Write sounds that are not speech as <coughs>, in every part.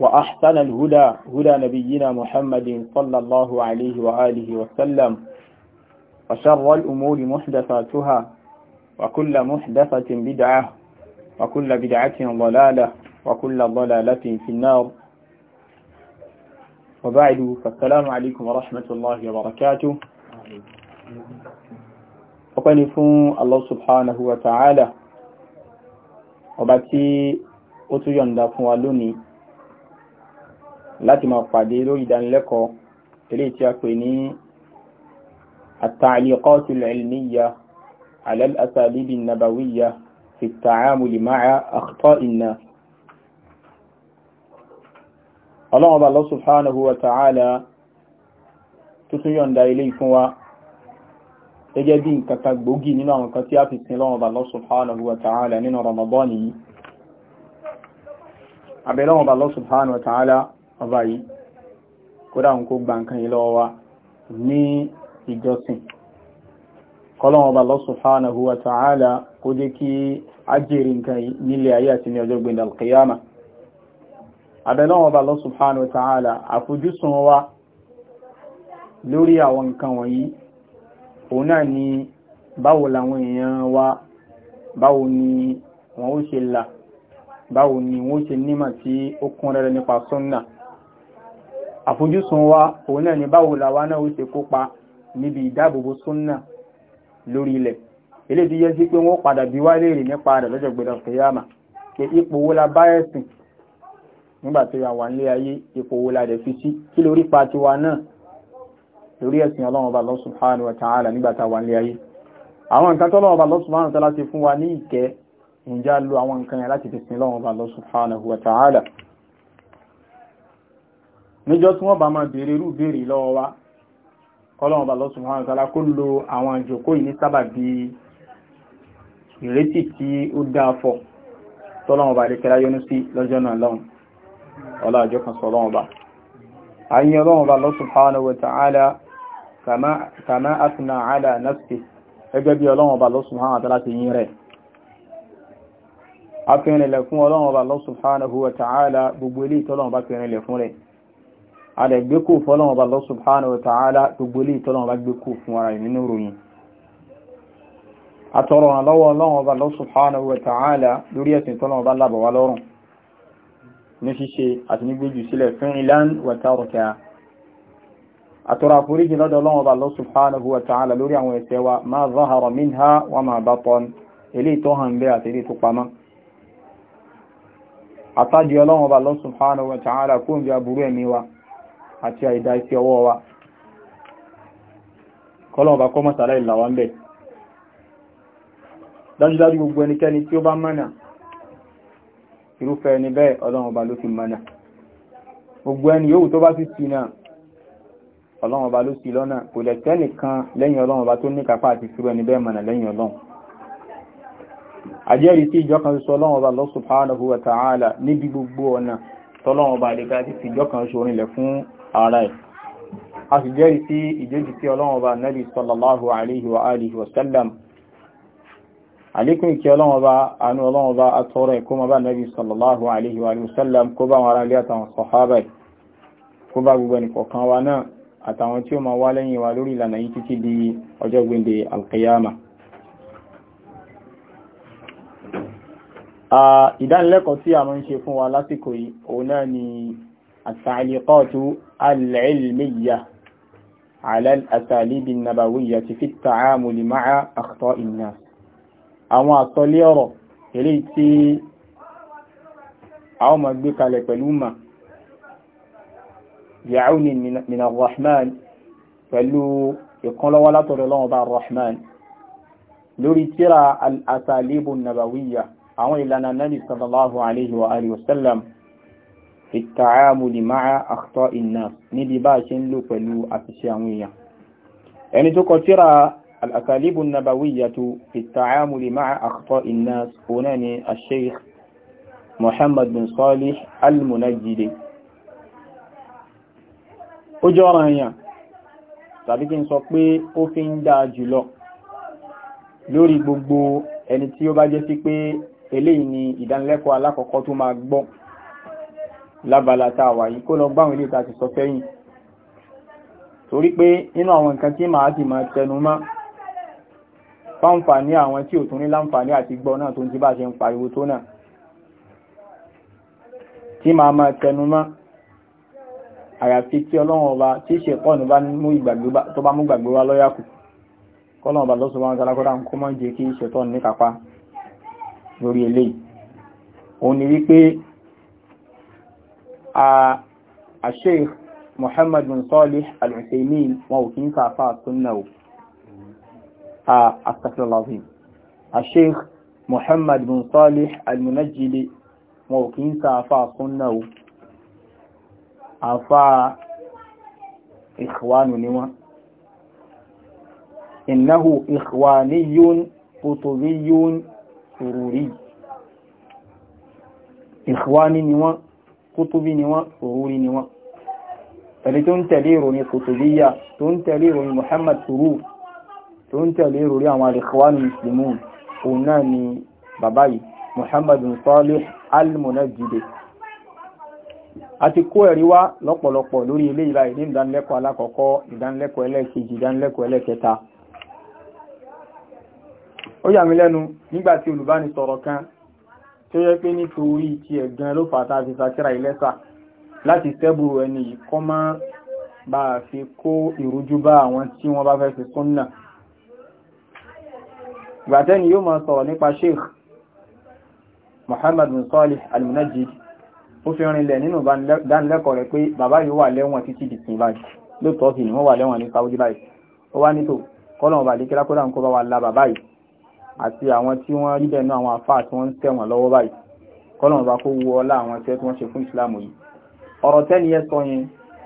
وأحسن الهدى هدى نبينا محمد صلى الله عليه وآله وسلم وشر الأمور محدثاتها وكل محدثة بدعة وكل بدعة ضلالة وكل ضلالة في النار وبعد فالسلام عليكم ورحمة الله وبركاته وقنفوا الله سبحانه وتعالى وباتي أتو دافوا لوني láti máa pàdé lórí ìdánilẹ́kọ̀ọ́ eléyìí tí a pè ní التعليقات العلمية على الأساليب النبوية في التعامل مع أخطاء الناس ọlọ́run ọba Allah subhanahu wa ta'ala tó tún yọ̀nda ilé ìfún wa gẹ́gẹ́ bí nǹkan kan gbòógì nínú àwọn kan tí a fi sin lọ́run ọba Allah ọba yìí kódà ń kó gba nǹkan yìí ọwa wa ní ìjọsìn kọ́lọ́wọ́ ọba Allah wa ta'ala kó jẹ́ kí ajẹ́rì nǹkan yìí ayé àti ní ọjọ́ alkiyama abẹ́lọ́wọ́ ọba Allah subhanahu wa ta'ala àfojúsùn ni àfojúsùn wa òun náà ni báwo làwa náà ó ṣe kópa níbi ìdáàbòbò súnnà lórí ilẹ̀ eléyìí tó yẹ sí pé wọ́n padà bí wá léèrè nípa rẹ̀ lọ́jọ́ gbẹ̀dọ̀ kìyàmà pé ipò wo la bá wà nílé ayé ipò wo fi sí kí lórí pa tiwa náà lórí ẹ̀sìn ọlọ́run ọba Allah wa ta'ala nígbà tá wà nílé ayé àwọn nǹkan tó lọ́wọ́ bá Allah subhanahu wa wa ta'ala níjọ́ tí wọ́n bá máa bèèrè irú bèèrè lọ́wọ́ wa kọ́lọ́wọ́n bá lọ subhanahu wa ta'ala kó lo àwọn àjòkó yìí ní sábà bí ìrètí tí ó dáa fọ́ tọ́lọ́wọ́n bá lè kẹ́lá yọnú sí lọ́jọ́ náà lọ́hùn ọlá àjọ kan sọ lọ́wọ́n bá ayin ọlọ́wọ́n bá lọ subhanahu wa ta'ala àdẹ̀gbékò fọ́lọ́wọ́ba Allah subhanahu wa ta'ala gbogbo ilé ìtọ́lọ́wọ́ba gbékò fún ara ìnínú ròyìn àtọrọ àlọ́wọ́ ọlọ́wọ́ba Allah subhanahu wa ta'ala lórí ẹ̀sìn tọ́lọ́wọ́ba lábọ̀wá lọ́rùn ní ṣíṣe àti ní gbéjù sílẹ̀ fún ìlànà wa taraka àtọrọ àforíjì lọ́dọ̀ ọlọ́wọ́ba Allah subhanahu wa ta'ala lórí àwọn ẹ̀ṣẹ̀ wa ma zahara minha wa ma batan ilé ìtọ́hàn bẹ́ àtàjì ọlọ́wọ́ba Allah subhanahu wa ta'ala kó ń bí aburú ẹ̀mí wa àti àìdá iṣẹ́ ọwọ́ wa kọlọ̀ọ̀bá kọ́ mọ́sàlá ìlàwà ń bẹ̀ dájúdájú gbogbo ẹnikẹ́ni tí ó bá mọ́nà irúfẹ́ ẹni bẹ́ẹ̀ ọlọ́run ọba ló fi mọ́nà gbogbo ẹni yóò tó bá sì sí náà ọlọ́run ọba ló sì lọ́nà kò lẹ̀ tẹ́nìkan lẹ́yìn ọlọ́run ọba tó ní kápá àti sírò ẹni bẹ́ẹ̀ mọ̀nà lẹ́yìn ọlọ́run àjẹ́rìí tí ìjọ kan ṣoṣo ọlọ́run ọba Allah níbi gbogbo ọ̀nà tọ́lọ́run ọba ti fi ìjọ kan ṣorin lẹ̀ fún ara ẹ̀ a sì jẹ́rìí sí ìjẹ́jì sí ọlọ́run ọba nabi sallallahu alaihi wa alihi wasallam àlékún ìkẹ́ ọlọ́run ọba àánú ọlọ́run ọba atọ́rọ ẹ̀kọ́ ma bá nabi sallallahu alaihi ìdánilẹ́kọ̀ọ́ tí a máa ń ṣe fún wa lásìkò yìí òun náà ni التعليقات العلمية على الأساليب النبوية في التعامل مع أخطاء الناس àwọn àtọ́lé ọ̀rọ̀ eléyìí tí a ó ma gbé kalẹ̀ pẹ̀lú ma yàáwùní mina rahman pẹ̀lú ìkọlọ́wọ́ látọ̀rọ̀ lọ́wọ́ bá rahman lórí tíra al-asalibu nabawiyya àwọn ìlànà nabi sallallahu alaihi wa alihi wasallam fi ta'amuli ma'a akhta'in nas níbi bá ṣe ń lò pẹ̀lú àfiṣẹ́ àwọn èèyàn ẹni tó kọ tírà al-asalibu nabawiyyatu fi ta'amuli ma'a akhta'in nas òun náà ni al-sheikh muhammad bin salih al-munajjidi ó jọ ọ̀ràn èèyàn tàbí kí n sọ pé ó fi ń dáa jùlọ lórí gbogbo ẹni tí ó bá jẹ́ sí pé eléyìí ni ìdánilẹ́kọ̀ọ́ alákọ̀ọ́kọ́ tó máa gbọ́ lábala tá a wà yìí kó lọ gbáwọn ilé ìta ti sọ sẹ́yìn torí pé nínú àwọn nǹkan tí màá ti máa tẹnu mọ́ fáǹfààní àwọn tí ò tún ní láǹfààní àti gbọ́ náà tó ń ti bá ṣe ń pariwo tó náà tí màá máa tẹnu mọ́ àyàfi tí ọlọ́run ọba tí ṣe pọ́ọ̀nù bá mú ìgbàgbé tó bá mú gbàgbé wá lọ́yà kù kọ́lọ́run ọba lọ́sọ̀ bá ń sálákọ́dá ń kó mọ́ jẹ́ kí ṣetán ní kápá lórí eléyìí òun ni wípé Sheikh Muhammad bin Salih Al-Uthaymeen wọn ò kí ń kàfà súnnà o astaghfirullah azim Sheikh Muhammad bin Salih Al-Munajjidi wọn ò kí ń kàfà súnnà o àfà ìkwánu ni innahu ìkwániyún qutubiyún sururi ìkwáni ni kútúbí ni wọ́n òwúrí ni wọ́n ẹni tó ń tẹ̀lé ìròyìn kùtùbíyà tó ń tẹ̀lé ìròyìn Muhammad turu tó ń tẹ̀lé ìròyìn àwọn al-Ikhwan al-Muslimun òun náà ni bàbá yìí Muhammad Salih al-Munajjidi a ti kó ẹ̀rí wá lọ́pọ̀lọpọ̀ lórí ilé ìlà ìdánilẹ́kọ̀ọ́ alákọ̀ọ́kọ́ ìdánilẹ́kọ̀ọ́ tó yẹ pé nítorí ti ẹ̀gbọ́n ló fàtà fi sàtíra ilẹ́sà láti tẹ́bùrù ẹni yìí kọ́ má bá fi kó ìrújú bá àwọn tí wọ́n bá fẹ́ fi súnnà gbàtẹ́ni yóò máa sọ̀rọ̀ nípa sheikh Muhammad bin Salih al-Munajjid ó fi rinlẹ̀ nínú dánilẹ́kọ̀ọ́ rẹ̀ pé bàbá yìí wà lẹ́wọ̀n títí dìsìn báyìí lóòtọ́ sí ni wọ́n wà lẹ́wọ̀n ní Saudi báyìí ó wá nítò kọ́lọ̀ ọba àdíkẹ́lákọ́lá ń kọ́ bá wà lá bàbá yìí àti àwọn tí wọ́n rí bẹ́ẹ̀ náà àwọn afá tí wọ́n ń tẹ̀wọ̀n lọ́wọ́ báyìí kọ́lọ̀ bá kó wọ ọlá àwọn tẹ́ tí wọ́n ṣe fún ìsìláàmù yìí ọ̀rọ̀ tẹ́ni yẹn sọ yẹn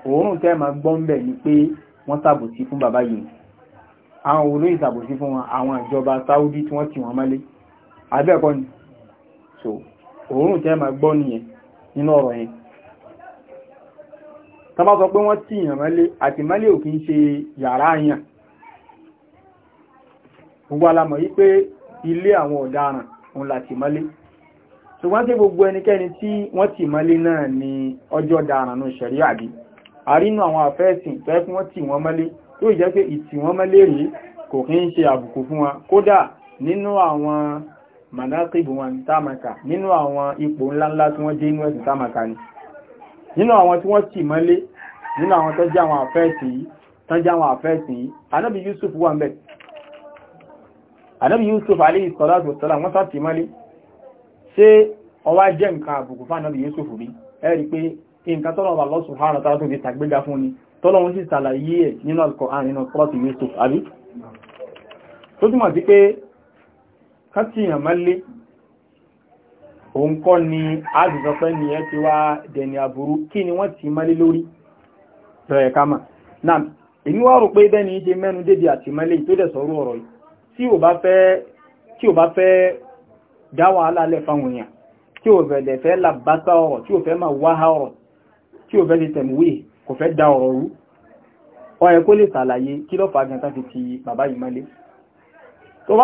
òórùn tẹ́ máa gbọ́ bẹ̀ ni pé wọ́n ṣàbòsí fún bàbá yìí àwọn olóyìn ṣàbòsí fún wọn àwọn ìjọba Saudi tí wọ́n tì wọ́n mọ́lé abẹ́ẹ̀kọ́ ni so òórùn tẹ́ máa gbọ́ nìyẹn nínú ọ̀rọ̀ yẹn tọ́ bá sọ pé wọ́n tì yàn mọ́lé àti mọ́lé ò kí ń ṣe yàrá yàn gbogbo alamọ̀ yìí pé ilé àwọn ọ̀daràn òun láti mọ́lé ṣùgbọ́n tí gbogbo ẹnikẹ́ni tí wọ́n ti mọ́lé náà ni ọjọ́ daràn nù ṣẹ̀rí àbí àrínú àwọn àfẹ́ẹ̀sìn tó ẹ́kún wọ́n ti wọ́n mọ́lé tó ìjẹ́ pé ìtì wọ́n mọ́lé kò kí ń ṣe àbùkù fún wọn kódà nínú àwọn manakibu wọn tamaka ni ànábì yusuf alayhi salatu wa salam wọ́n sáti mọ́lé ṣé ọwá jẹ́ nǹkan àbùkù fún ànábì yusuf bí ẹ̀rí pé nǹkan tọ́lọ̀ Allah subhanahu tó fi tàgbéga fún ni tọ́lọ̀ wọn ni àdìsọ́pẹ́ ni ẹ ti wá dẹni àbúrú kí ni wọ́n ti mọ́lé lórí rẹ̀ kama náà èmi wá rò pé bẹ́ni ṣe mẹ́nu débi àti mọ́lé tó dẹ̀ sọ̀rọ̀ ọ̀rọ̀ yìí tí ò bá fẹ́ tí ò bá fẹ́ dá wàhálà lẹ̀ fáwọn èèyàn tí ò bẹ̀rẹ̀ fẹ́ làbátá ọ̀rọ̀ tí ò fẹ́ máa wáhá ọ̀rọ̀ tí ò fẹ́ ti tẹ̀mùwé kò fẹ́ dá ọ̀rọ̀ rú ó yẹ kó lè sàlàyé kí ló fàá gan-an fi ti bàbá yìí mọ́lé tó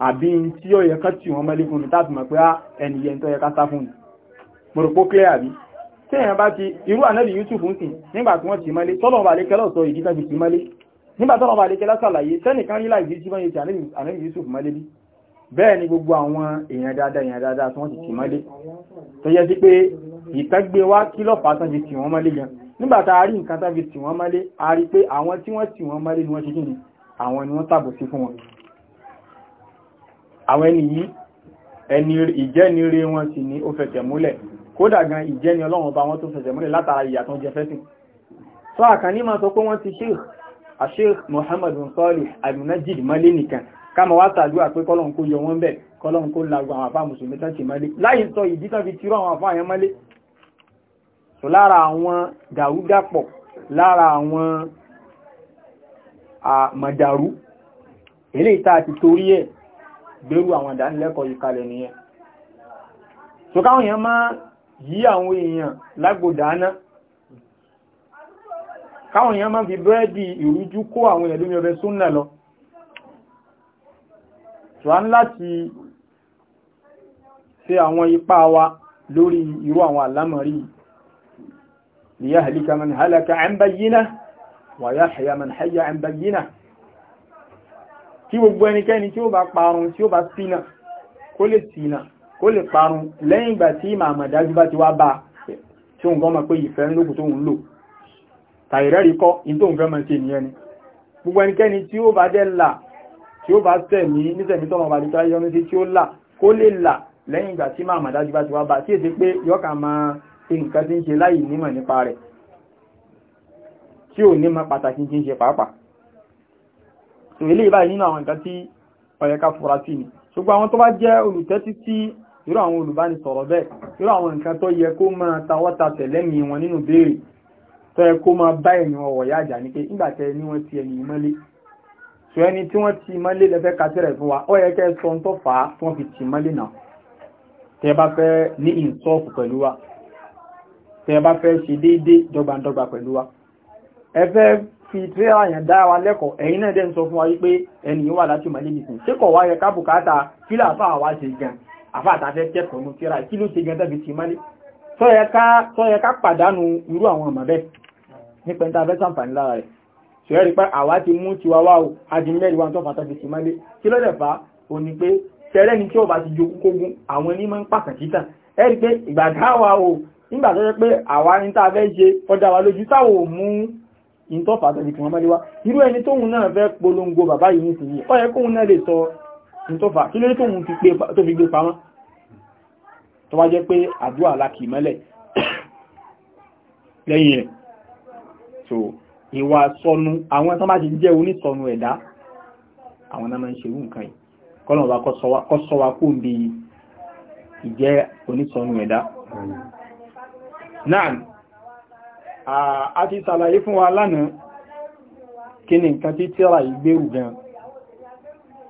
àbí tí ó yẹ kán tí wọ́n mọ́lé fún mi táàbí mọ̀ pé á ah, ẹnìyẹn tó yẹ ká sá fún mi mo rò pó clear àbí tí èèyàn bá ti irú ànábì Yusuf ń sìn nígbà tí wọ́n ti mọ́lé tọ́lọ̀ bá lè kẹ́lọ̀ sọ ìdí tẹ́fi ti mọ́lé nígbà tọ́lọ̀ bá lè kẹ́lọ̀ sàlàyé sẹ́nìkan rí láì jíjí wọ́n yẹ ti ànábì Yusuf tí a rí nǹkan tán fi wọ́n mọ́lé a rí pé àwọn tí wọ́n tì wọ́n mọ́lé ni wọ́n ṣe kí àwọn ni wọ́n tàbò sí fún wọn àwọn ẹni yìí ẹni ìjẹ́ni rí wọn sì ní ó fẹsẹ̀ múlẹ̀ kódà gan ìjẹ́ni ọlọ́run bá wọn tó fẹsẹ̀ múlẹ̀ látara ìyà tó jẹ fẹ́sìn sọ àkànní máa sọ pé wọ́n ti sheikh asheikh Muhammad bin Salih al-Munajjid mọ́lé nìkan káàmọ̀ wá tàdúrà pé kọ́lọ̀n kó yọ wọ́n bẹ̀ kọ́lọ̀n kó lagun àwọn àfáà mùsùlùmí tán torí ẹ̀ gbérú àwọn ìdánilẹ́kọ̀ọ́ yìí kalẹ̀ nìyẹn so káwọn èèyàn máa yí àwọn èèyàn lágbòdáná káwọn èèyàn máa fi búrẹ́dì ìrújú kó àwọn èèyàn lómi ọbẹ̀ súnnà lọ so a ń láti ṣe àwọn ipá wa lórí irú àwọn àlámọ̀rí liyahlika man halaka an bayyinah wa yahya man hayya an tí gbogbo ẹnikẹ́ni tí ó bá parun tí ó bá ṣìnà kó lè ṣìnà kó lè parun lẹ́yìn ìgbà tí màmá dájú bá ti wá bá tí òun gan mọ̀ pé ìfẹ́ ń lókù tó ń lò tàìrẹ́rí kọ́ in tó ń fẹ́ mọ̀ ni gbogbo ẹnikẹ́ni tí ó bá jẹ́ là tí ó bá tẹ̀mí nítẹ̀mí tọ́mọ bá dìtọ́ ayọ́nú sí tí ó là kó lè là lẹ́yìn ìgbà tí màmá dájú ò ní mọ̀ pàtàkì tí pàápàá ìrìlẹ̀ ìbáyìí nínú àwọn nǹkan tí ọ̀yẹ̀ká fura sí ni ṣùgbọ́n àwọn tó bá jẹ́ olùtẹ́tí tí irú àwọn olùbánisọ̀rọ̀ bẹ́ẹ̀ irú àwọn nǹkan tó yẹ kó máa tawọ́ta tẹ̀lẹ́mì wọn nínú béèrè tó yẹ kó máa bá ẹ̀yìn ọwọ̀ yá àjà ní pé nígbàtẹ́ ni wọ́n ti ẹ̀yìn mọ́lé so ẹni tí wọ́n ti mọ́lé lẹ́fẹ́ kásẹ̀rẹ̀ fún wa ó yẹ kẹ́ sọ tó fà á tí wọ́n fi ti mọ́lé náà tẹ́ bá fẹ́ ní ìǹsọ́ọ̀fù pẹ̀lú wa tẹ́ bá fẹ́ ṣe déédéé dọ́gbandọ́gba pẹ̀lú wa ẹ fẹ́ fi tíra yàn dá wa lẹ́kọ̀ọ́ ẹ̀yin náà dẹ́ ń sọ fún wa wípé ẹni wà láti màlẹ́ nìkan ṣé kọ̀ wá yẹ ká bùkátà kílà àfà àwa ṣe gan àfà àtàfẹ́ kẹ́kọ̀ọ́ nù tíra kí ló ṣe gan tẹ́bi ti mọ́lé sọ́yẹ ká pàdánù irú àwọn ọmọ bẹ́ẹ̀ nípa ẹni tàbẹ́ sàǹfààní lára rẹ̀ ṣòyẹ́ rí pé àwa ti mú tiwa wá o adi mẹ́rin wa tó fàtà fi ti mọ́lé kí ló dẹ̀ fa o in tó fàtọ́ di kí wọ́n mẹ́lẹ́wá irú ẹni tóhun náà fẹ́ polongo bàbá yìí ní ìsinyìí ó yẹ kóhun náà lè sọ in tó fà kí lórí tóhun tó fi gbé pamọ́ tó wá jẹ́ pé àdúrà lákì mẹ́lẹ̀ <coughs> lẹ́yìn rẹ̀ so ìwà sọnù àwọn tó bá ti jẹ́ onísọnù ẹ̀dá àwọn náà máa ń ṣerú nǹkan a ti ṣàlàyé fún wa lánàá kí ni nǹkan tí tíra ìgbérù gan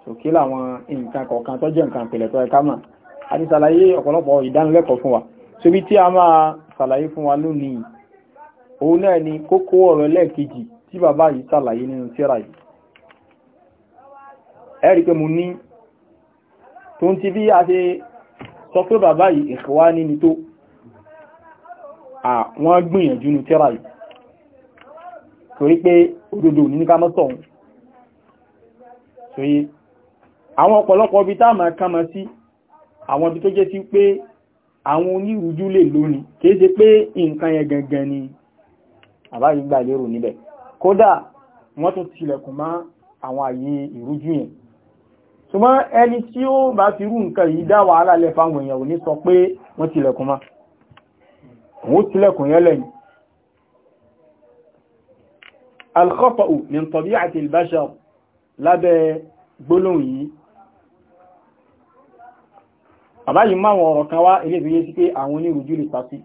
so kí láwọn nǹkan kọ̀ọ̀kan tó jẹ́ nǹkan pẹ̀lẹ̀ tó ẹka mà a ti ṣàlàyé ọ̀pọ̀lọpọ̀ ìdánilẹ́kọ̀ọ́ fún wa so bí tí a máa ṣàlàyé fún wa lónìí òun náà ni kókó ọ̀rọ̀ lẹ́ẹ̀kejì tí bàbá yìí ṣàlàyé nínú tíra yìí ẹ̀rí àwọn gbìyànjú ní tírà yìí torí pé òdodo ní ká mọ́sọ̀ ohun soye àwọn ọ̀pọ̀lọpọ̀ ibi tá máa kán mọ́ sí àwọn ibi tó jẹ́ sí pé àwọn onírújú lè lónìí kìí ṣe pé nǹkan yẹn gangan ni àbáyé gbà lérò níbẹ̀ kódà wọ́n tún tilẹ̀kùn mọ́ àwọn àyè ìrújú yẹn ṣùgbọ́n ẹni tí ó bá fi rú nǹkan yìí dá wàhálà lẹ̀ fáwọn èèyàn ò ní sọ pé wọ́n tilẹ̀kùn mọ́ wọ́n tilẹ̀kùn yẹn lẹ́yìn alkhọ́fa'u min tabi'ati al-bashar lábẹ́ gbólóhùn yìí àbáyìí máwọn ọ̀rọ̀ kan wá ilé ìfìyé sí pé àwọn onírùjú lè pàtí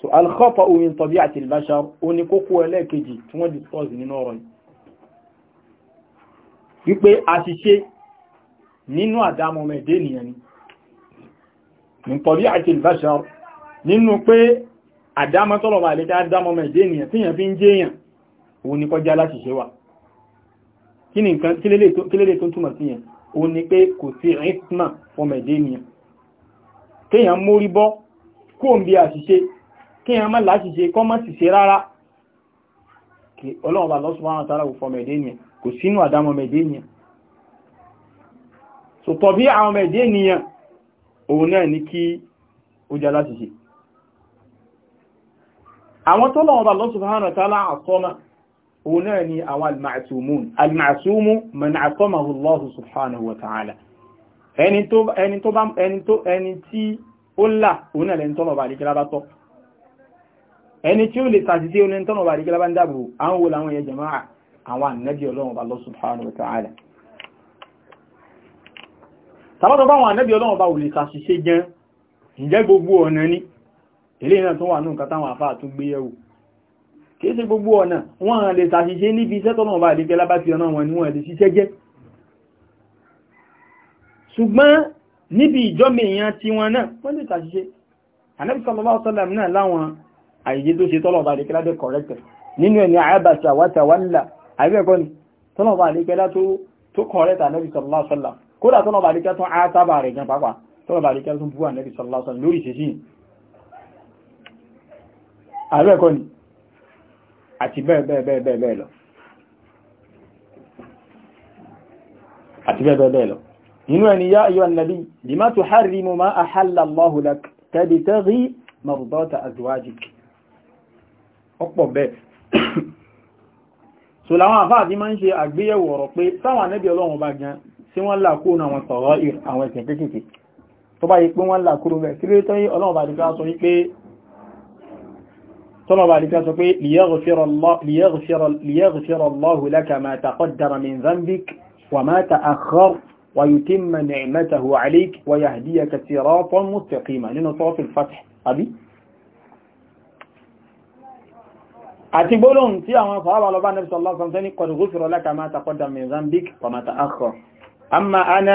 so alkhọ́fa'u min tabi'ati al-bashar ó ní kókó ẹlẹ́ẹ̀kejì tí wọ́n discuss nínú ọ̀rọ̀ yìí nínú pé àdámọ́ tọ́lọ̀bà àlékẹ́ àdámọ́ mẹ́jẹ́ ènìyàn tí yàn fi ń jẹ́ èyàn òun ni kọjá láṣìṣẹ́ wà kí ni nǹkan kílélé tó túnmọ̀ sí yẹn o ni pé kò sí ìtìmà fún mẹ́jẹ́ ènìyàn kíyàn mórí bọ́ kó ń bí àṣìṣe kíyàn má láṣìṣe kọ́ má ṣìṣe rárá ọlọ́run bá lọ́sùn ni kí ó já àwọn tó lọ́wọ́ bá Allah subhanahu wa ta'ala àsọ́mà òun náà ni àwọn al-ma'sumun al-ma'sumu man àsọ́màhu Allah subhanahu wa ta'ala ẹni tí ó là òun náà lẹ́ni tọ́lọ̀ bá àríkẹ́lá bá tọ́ ẹni tí ó lè tàṣìṣẹ́ oní tọ́lọ̀ bá àríkẹ́lá bá ń dáàbò àwọn ilé náà tó wà ní nǹkan táwọn àfáà tún gbé yẹ̀wò kìí sí gbogbo ọ̀nà wọ́n lè ṣàṣìṣe níbi iṣẹ́ tọ́nà bá lè jẹ́ lábáti ọ̀nà wọn ni wọ́n lè ṣiṣẹ́ jẹ́ ṣùgbọ́n níbi ìjọ́mẹ̀ èèyàn tí wọn náà wọ́n lè ṣàṣìṣe Ànábì sallallahu alaihi wasallam náà láwọn àìyé tó ṣe tọ́lọ̀ bá lè kẹ́lá dé corrected nínú ẹni àbàṣà wátawálà àìbẹ̀kọ́ ni tọ́lọ̀ bá lè kẹ́lá tó correct Ànábì sallallahu alaihi wasallam kódà tọ́lọ̀ bá lè kẹ́ tún á sábà rẹ̀ gan pàápàá tọ́lọ̀ bá lè kẹ́ tún bú Ànábì sallallahu alaihi wasallam lórí ààrẹ ẹ̀kọ́ ni àti bẹ́ẹ̀ bẹ́ẹ̀ bẹ́ẹ̀ bẹ́ẹ̀ bẹ́ẹ̀ lọ àti bẹ́ẹ̀ bẹ́ẹ̀ bẹ́ẹ̀ lọ nínú ẹni yá ayọ́ annabi lima tuharrimu ma ahalla Allahu lak tabtaghi mardata azwajik ọ̀pọ̀ bẹ́ẹ̀ so láwọn àfáà tí máa ń ṣe àgbéyẹ̀wò ọ̀rọ̀ pé táwọn anẹ́bí ọlọ́run bá gan sí wọ́n làkó náà wọn tó bá yí pé wọ́n làkó rẹ̀ sí rí tó yí ọlọ́run bá sọ wípé tọ́lọ̀bà àríkà sọ pé liyaghfira Allahu laka ma taqaddama min dhanbik wa ma ta'akhkhar wa yutimma ni'matahu 'alayk wa yahdiyaka siratan mustaqima nínú sọ́ọ̀fì fath àbí àti gbólóhùn tí àwọn fàábà lọ bá nẹ́bí sallallahu alaihi wasallam ní qad ghufira laka ma taqaddama min dhanbik wa ma ta'akhkhar amma ana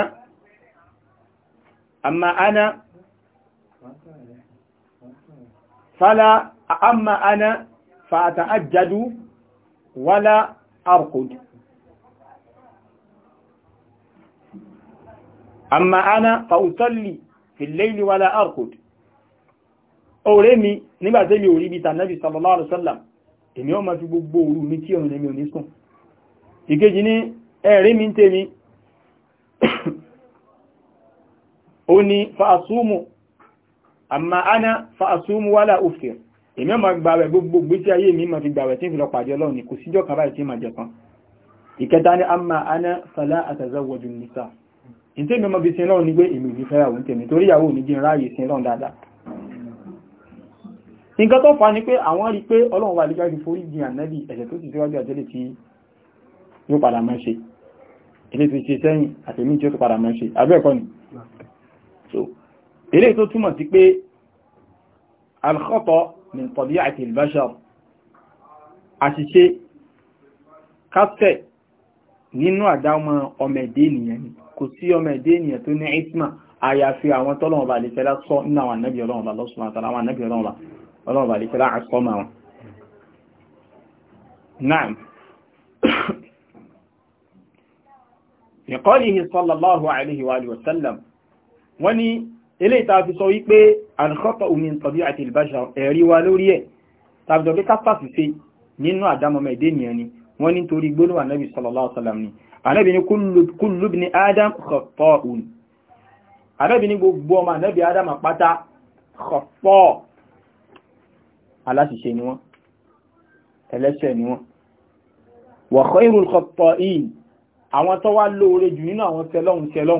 amma ana fala amma ana fa ata'ajjadu wala arqud amma ana fa usalli fi al-layli wala arqud ọ̀rẹ́ mi nígbàtí mi ò rí bí tànàbí sallallahu alaihi wasallam èmi ó máa fi gbogbo òru mi tí ọ̀rùn èmi ò ní sùn ìkejì ní ẹ̀rí mi ń tèmi ó ní fa asúmù amma ana fa wala uftir èmi ọmọ gbàwẹ̀ gbogbo gbésí ayé mi ma fi gbàwẹ̀ tí ń fi lọ pàdé ọlọ́run ni kò síjọ́ kan báyìí tí ma jẹ kan ìkẹta ni a máa aná fàlá àtàzọ́wọ́dù nìsà ìtẹ́ mi ọmọ bí sin lọ́run ní pé èmi ìlú fẹ́yàwó ń tẹ̀mí torí ìyàwó oníjìn ráàyè sin lọ́run dáadáa nǹkan tó fa ni pé àwọn rí pé ọlọ́run wà so eré tó túmọ̀ sí min tabi'ati al-bashar àṣìṣe kásẹ̀ nínú àdámọ́ ọmọ ẹ̀dẹ́ ènìyàn ni kò sí ọmọ ẹ̀dẹ́ ènìyàn tó ní isma àyàfi àwọn tọ́lọ̀wọ̀n bá lè fẹ́ lásọ́ nínú àwọn ànábì ọlọ́run bá lọ́sùn àtàrà àwọn ànábì eléyìí tá fi sọ wípé al-khata'u min tabi'ati al-bashar ẹ̀rí wa lórí ẹ̀ tàbí sọ pé kápásì ṣe nínú àdámọ́mọ́ ẹ̀dẹ́ nìyẹn ni wọ́n ní torí gbólóhùn anábì sallallahu alaihi wasallam ni anábì ní kullu ibni adam khata'un anábì ní gbogbo ọmọ anábì adam àpáta khata' aláṣìṣe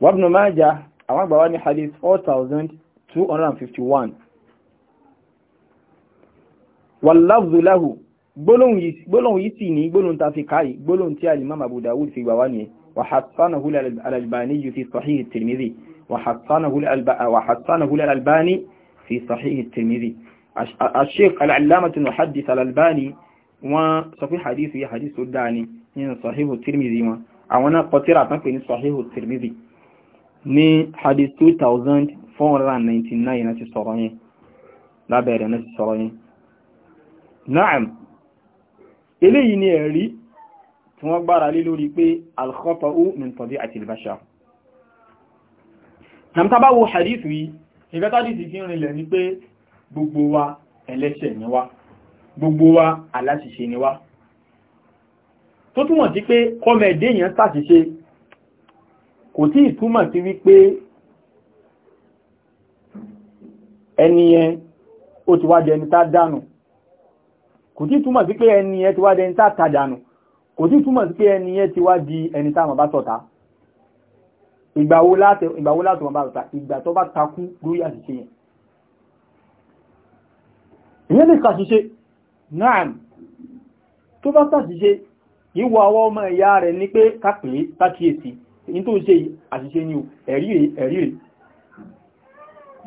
Ibn Majah àwọn àgbàwá ní hadith 4251 wàláàbù láhù gbólóhùn yìí sì ní gbólóhùn ta fi káyì gbólóhùn tí al-Imam Abu Dawud fi gbàwá ní وحسنه الألباني في صحيح الترمذي وحسنه الألب... وحسنه الألباني في صحيح الترمذي الشيخ العلامة المحدث الألباني وصفي حديثه حديث الداني من صحيح الترمذي وأنا قتيرة في صحيح الترمذي ní hadith 2499 náà ti sọ̀rọ̀ yẹn lábẹ̀rẹ̀ náà ti sọ̀rọ̀ yẹn na'am eléyìí ni ẹ̀rí tí wọ́n gbára lé lórí pé al-khata'u min tabi'ati al-bashar nàmtàbáwò hadith yìí ìgbátàdìsì fi rìnlẹ̀ ní pé gbogbo wa ẹlẹ́ṣẹ̀ ni gbogbo wa aláṣìṣe ni tó túnmọ̀ sí pé kọ́mẹ̀dé yẹn ṣàṣìṣe kò tí ìtúmọ̀ sí wípé ẹni yẹn ó ti wá dẹni tá dànù kò tí ìtúmọ̀ sí pé ẹni yẹn ti wá dẹni tá tàdànù kò tí ìtúmọ̀ sí pé ẹni yẹn ti wá di ẹni tá màbá sọ̀tá ìgbà láti wọn sọ̀tá ìgbà tó bá takú lórí àṣìṣe yẹn tó bá ṣàṣìṣe ìwọ àwọn ọmọ ìyá rẹ̀ ní pé kápẹ́ sákìyèsí in tó ṣe àṣìṣe ni ẹ̀rí rẹ̀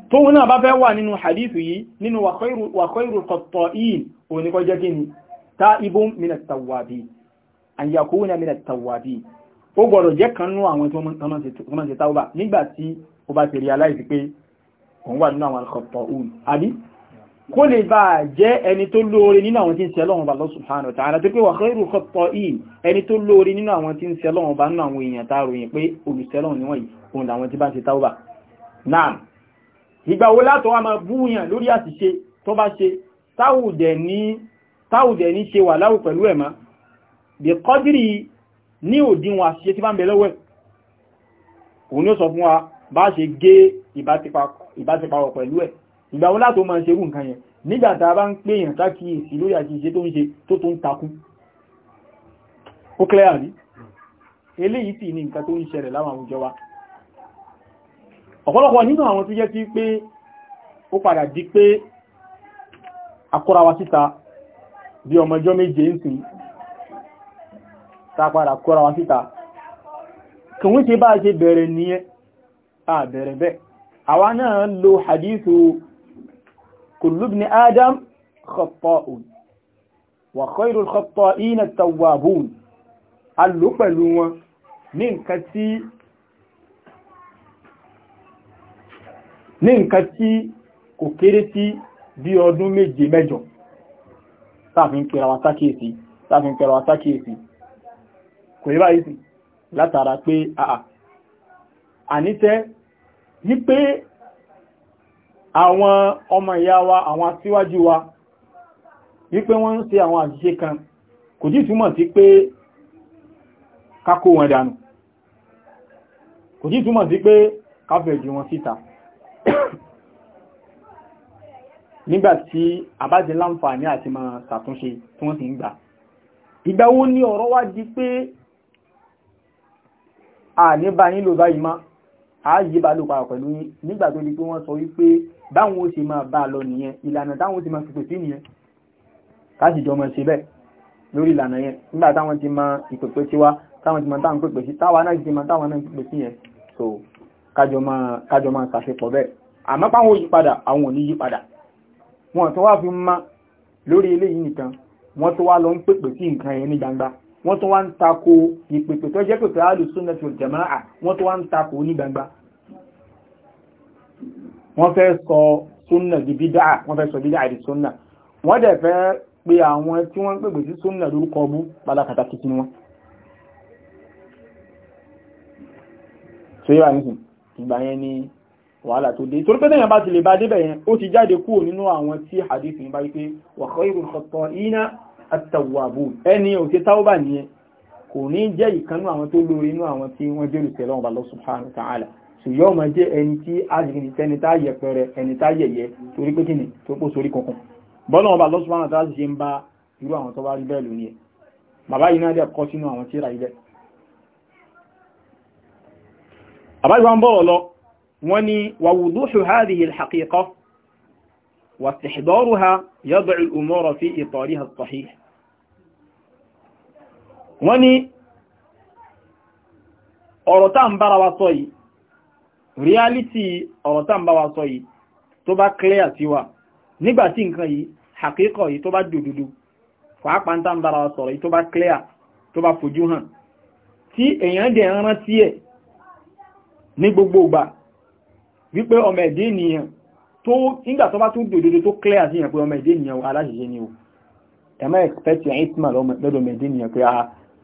tó wọn náà bá fẹ́ wà nínú hadithu yìí nínú wa khairu qatta'in oníkọ́ jẹ́ kíni ta'ibun min at-tawwabin an yakuna min at-tawwabin ó gbọ́dọ̀ jẹ́ kan nú realize pé òun wà nínú àwọn kó lè bá jẹ́ ẹni tó lóore nínú àwọn tí ń ṣe Ọlọ́run bá Allah subhanahu wa ta'ala tó pé wa khairu khatta'in ẹni tó lóore nínú àwọn tí ń ṣe Ọlọ́run bá nínú àwọn èèyàn tá ròyìn pé olùsẹ́lọ́run ni wọ́n yìí òun làwọn tí bá ṣe táwọ́bà náà ìgbà ìgbà wọn látò máa ṣerú nǹkan yẹn nígbà tá a bá ń pè yàn sákìyèsí lórí àti ìṣe tó ń ṣe tó tó ń takú ó clear rí eléyìí sì ni nǹkan tó ń ṣẹlẹ̀ láwọn àwùjọ wa ọ̀pọ̀lọpọ̀ nínú àwọn tó jẹ́ tí pé ó padà di pé akọ́rawa síta bí ọmọjọ́ méje ń sìn tá kọ́rawa síta kìí ṣe bá ṣe bẹ̀rẹ̀ nìyẹn àbẹ̀rẹ̀ bẹ́ẹ̀ àwa náà lo hadithu kullu ibn adam khatta'un wa khairul khatta'ina at-tawwabun alò pẹ̀lú wọn ní nǹkan tí ní nǹkan tí kò kéré tí bí ọdún méje mẹ́jọ táàfin pèrà wà sákèèsí táàfin pèrà wà sákèèsí kò yíba yìí sí látara pé àà ànítẹ́ ní pé àwọn ọmọ ìyá wa àwọn aṣíwájú wa wípé wọ́n ń ṣe àwọn àṣìṣe kan kò jí túmọ̀ sí pé ká kó wọn dànù kò jí túmọ̀ sí pé ká fẹ̀ jù wọn síta nígbàtí àbájẹ láǹfààní àti máa ṣàtúnṣe tí wọ́n sì ń gbà ìgbà wo ọ̀rọ̀ wá di pé à ní bá lò báyìí máa ààyè bá ló parọ̀ pẹ̀lú yín nígbà tó di pé wọ́n sọ wípé báwọn ó ṣe máa bá a lọ nìyẹn ìlànà táwọn ó ti máa pèpè sí nìyẹn káàsì jọmọ ṣe bẹ́ẹ̀ lórí ìlànà yẹn nígbà táwọn ti máa ìpèpè sí wa táwọn ti máa táwọn pèpè sí táwa náà ti máa táwọn náà pèpè sí yẹn so kájọ máa ṣàṣepọ̀ bẹ́ẹ̀ àmọ́ páwọn òyípadà àwọn ò ní yípadà wọn tó wá fi ń wọ́n tó wá ń tako ìpèpè tó jẹ́ pèpè alùsúnnàtì jama'a wọ́n tó wá ń tako ní gbangba wọ́n fẹ́ sọ súnnà di bídá wọ́n fẹ́ sọ bídá di súnnà wọ́n dẹ̀ fẹ́ pé àwọn tí wọ́n ń pèpè sí súnnà lórúkọ bú pálákàtà kìkì wọn wàhálà tó dé torí pé bá ti lè bá débẹ̀ yẹn ó ti jáde kúrò nínú àwọn tí hadith ní bá wípé wa khayrul khatta'ina àtàwàbù ẹni òkè táwọ́bà nìyẹn kò ní jẹ́ ìkanú àwọn tó lórí inú àwọn tí wọ́n jẹ́rù tẹ̀lé ọba lọ subhanahu ta'ala ṣùgbọ́n ọmọ jẹ́ ẹni tí ajìnì tẹni tá yẹpẹrẹ ẹni tá yẹyẹ torí pé kíni tó pò sórí kankan bọ́lá ọba lọ subhanahu ta'ala ṣe ń bá irú àwọn tó bá rí bẹ́ẹ̀ lónìí ẹ̀ bàbá yìí náà wọ́n ní ọ̀rọ̀ ń bára wa sọ yìí reality ọ̀rọ̀ tá ń bá wa sọ yìí tó bá clear sí wa nígbàtí nǹkan yìí hakíkọ̀ yìí tó bá dòdòdó pàápàá tá ń bára wa sọ̀rọ̀ yìí tó bá clear tó bá fojú hàn tí èèyàn dẹ̀ rántí ẹ̀ ní gbogbo ìgbà wípé ọmọ ẹ̀dẹ́ ènìyàn tó nígbà tó bá tún dòdòdó tó clear sí yẹn pé ọmọ ẹ̀dẹ́ ènìyàn aláṣìṣe ni o ẹ̀mọ́ expect your 8 man lọ́dọ̀ ọmọ ẹ̀dẹ́ ènìyàn pé a ah,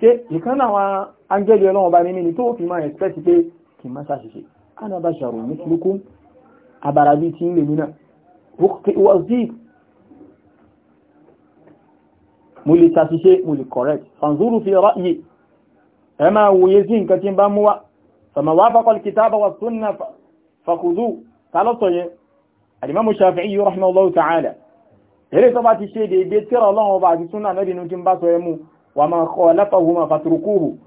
ṣe ìkan àwọn angẹ́lì ọlọ́wọ́ bá nínú tó fi máa ẹ̀spẹ́tì pé kì máa ṣàṣìṣe anábàṣàrò ní ṣlúkú àbàràbí tí ń lè mìíràn wọ́síf mo lè ṣàṣìṣe mo lè correct fanzuru fi ra'yi ẹ máa wòye sí nǹkan tí ń bá mú wá fama wafaqa al-kitaba wa sunna fakhudhu tálọ́sọ̀ tó bá ti ṣe déédéé tíra ọlọ́run ọba àti súnà nẹ́bìnú tí ń bá sọ ẹmú wa ma khalafahuma fatrukuhu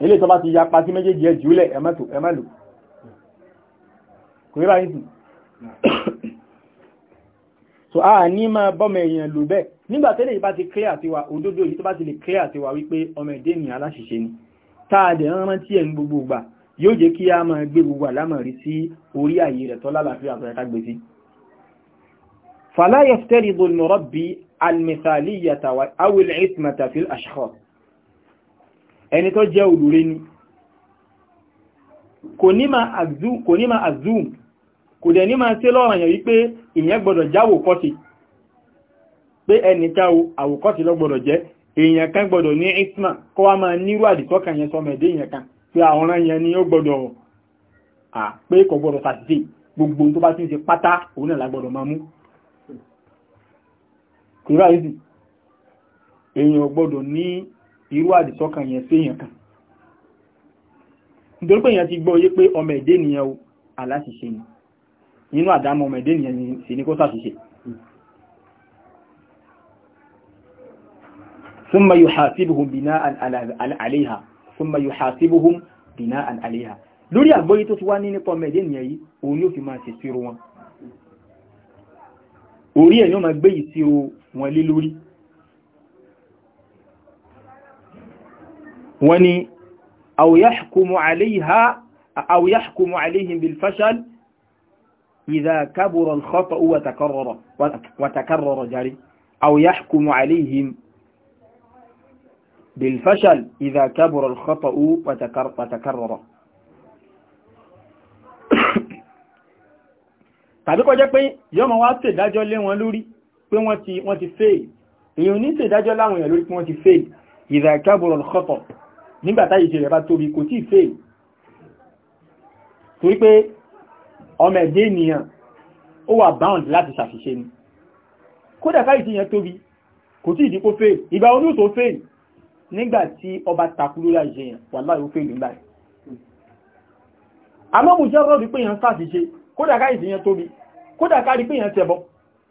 ilé tó bá ti ya pàtí méjèèjì ẹ jùlẹ̀ ẹmẹ́tò ẹmẹ́lù kò ríra ìsìn so a ní máa bọ́mọ̀ èèyàn lò bẹ́ẹ̀ nígbà tẹ́lẹ̀ ìbá ti clear àti wa òdodo yìí tó bá ti lè clear àti wa wípé ọmọ ẹ̀dẹ́ ni aláṣìṣe ni táàdẹ̀ rán tí ẹ̀ ń gbogbo gbà yóò jẹ́ kí a máa gbé gbogbo àlámọ̀rí sí orí àyè rẹ̀ tọ́lá láàfin àtọ́yàká gbé sí almithaliyata awil ismata fil ashkhas ẹni tó jẹ́ olùre ni kò ní ma azum kò dẹ̀ ní ma ṣe lọ́rọ̀ yẹn wípé ìyẹn gbọ́dọ̀ jáwò kọ́sì pé ẹnìká àwòkọ́sì lọ gbọ́dọ̀ jẹ́ èèyàn kan gbọ́dọ̀ ní isma kọ́ wá máa nírú àdìsọ́kàn yẹn sọmọ̀dé èèyàn kan pé àwòrán yẹn ni ó gbọ́dọ̀ à pé kò gbọ́dọ̀ sàtìdé gbogbo tó bá ti ń ṣe pátá òun náà lágbọ́dọ̀ máa mú kìrá ìsì èèyàn gbọ́dọ̀ ní irú àdìsọ́kàn yẹn séèyàn kan nítorí pé èèyàn ti gbọ́ yé pé ọmọ èdè nìyẹn o aláṣìṣe ni nínú àdámọ́ ọmọ èdè nìyẹn sì ní kó ṣàṣìṣe ثم يحاسبهم بناء عليها ثم يحاسبهم بناء عليها lórí àgbóyí tó ti wá ní nípa ọmọ èdè nìyẹn yìí òun yóò fi máa ṣe sírò wọn orí ẹ̀ yóò ma gbé o wọn lé lórí wọ́n ni aw yahkumu alayha aw yahkumu alayhim bil fashal idha kabura al-khata'u wa takarrara wa takarrara jari aw yahkumu alayhim bil fashal idha kabura وتكرر khatau tàbí kọjẹ́ pé yọ́mọ wá tèdájọ́ lé wọn lórí pé wọ́n ti fail èyàn ní tèdájọ́ láwọn èèyàn lórí pé wọ́n ti fail ìdá ìkábòrò lọ́tọ̀ nígbàtá ìṣe rẹ̀ bá tóbi kò tí fail torí pé ọmọ ẹ̀dẹ́ ènìyàn ó wà bound láti ṣàṣìṣe ni kódà ká ìṣe yẹn tóbi kò tí ìdíkó kódà ká ìsìyàn tóbi kódà ká rí pínyàn tẹ́bọ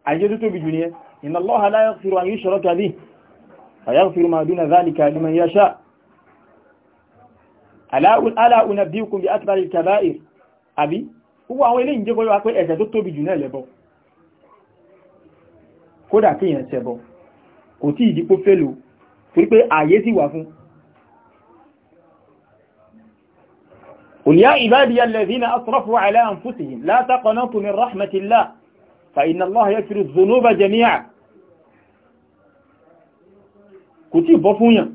àìjẹ́ tó tóbi jù nìyẹn inna Allaha la yaghfiru an yushraka bihi wa yaghfiru ma duna dhalika liman yasha ala unabbiukum bi akbari al-kaba'ir àbí gbogbo àwọn eléyìí jẹ́ kọ́yọ́ pé ẹ̀ṣẹ̀ tó tóbi jù náà lẹ́bọ kódà kíyàn قل يا عبادي الذين أسرفوا على أنفسهم لا تقنطوا من رحمة الله فإن الله يغفر الذنوب جميعا kò tí bọ́ fún yàn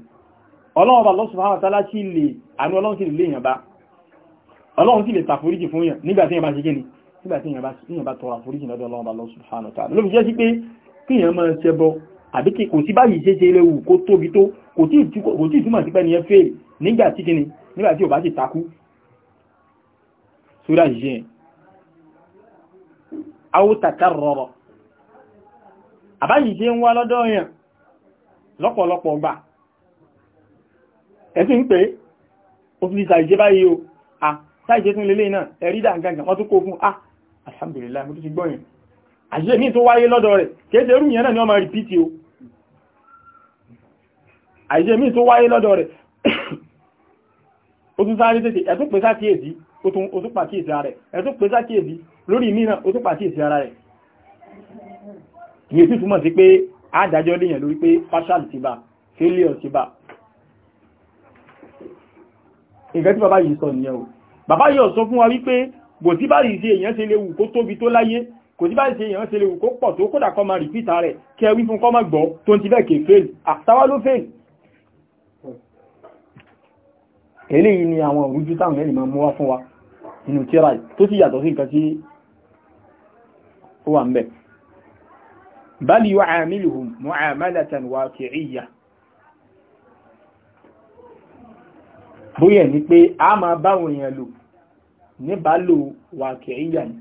ọlọ́run ọba Allah subhanahu wa ta'ala sí lè àánú ọlọ́run sí lè yàn bá ọlọ́run sí lè tàforíjì fún yàn nígbàtí yàn bá ṣe gẹ́ni nígbàtí yàn bá tọrọ àforíjì lọ́dọ̀ ọlọ́run ọba Allah subhanahu wa ta'ala ló fi jẹ́ sí pé kí yàn máa ṣẹ bọ àbí kò sí báyìí ṣe ṣe léwu kó tóbi tó kò tí ìtumọ̀ sí pé nìyẹn fèèrè nígbàtí gẹ́ni nígbàtí ò bá ṣe takú súrà yìí yẹn awútàkà rọrọ̀ àbáyìí jẹ́ ń wá lọ́dọ̀ yẹn lọ́pọ̀lọpọ̀ gbà ẹ̀sìn pé ó fi ṣàìjẹ́ báyìí o à ṣàìjẹ́ tún lélẹ́ náà ẹ̀rí dàǹgangan wọ́n tó kó fún ah alhamdulillah mo tó ti gbọ́yìn àṣìṣe míì tó wáyé lọ́dọ̀ rẹ̀ kéèsè rú yẹn náà ni wọ́n máa o àṣìṣe míì tó wáyé lọ́dọ̀ rẹ̀ <coughs> ó tún pàkíyèsí ara rẹ̀ ẹ̀ tó pè sákíyèsí lórí mìíràn ó tún pàkíyèsí ara rẹ̀ yìí sì túmọ̀ sí pé failure ti bá nǹkan tí bàbá yìí sọ nìyẹn o bàbá yìí sọ fún wa wípé kò sí bá rí sí èèyàn ṣe léwu kó tóbi tó láyé kò sí bá rí sí èèyàn ṣe léwu kó pọ̀ tó kódà kọ́ máa rìpítà rẹ̀ kẹ́ wí fún kọ́ gbọ́ tó ń ti bẹ́ẹ̀ kè fail àtàwá ló fail eléyìí ni àwọn òrújú táwọn ẹni máa mú wá fún wa inú tíra tó sì yàtọ̀ sí nǹkan tí ó wà ń bẹ̀. bal yu'amiluhum mu'amalatan waqi'iyya bóyẹ̀ ní pé a máa báwọn èèyàn lò níbàálò waqi'iyya ni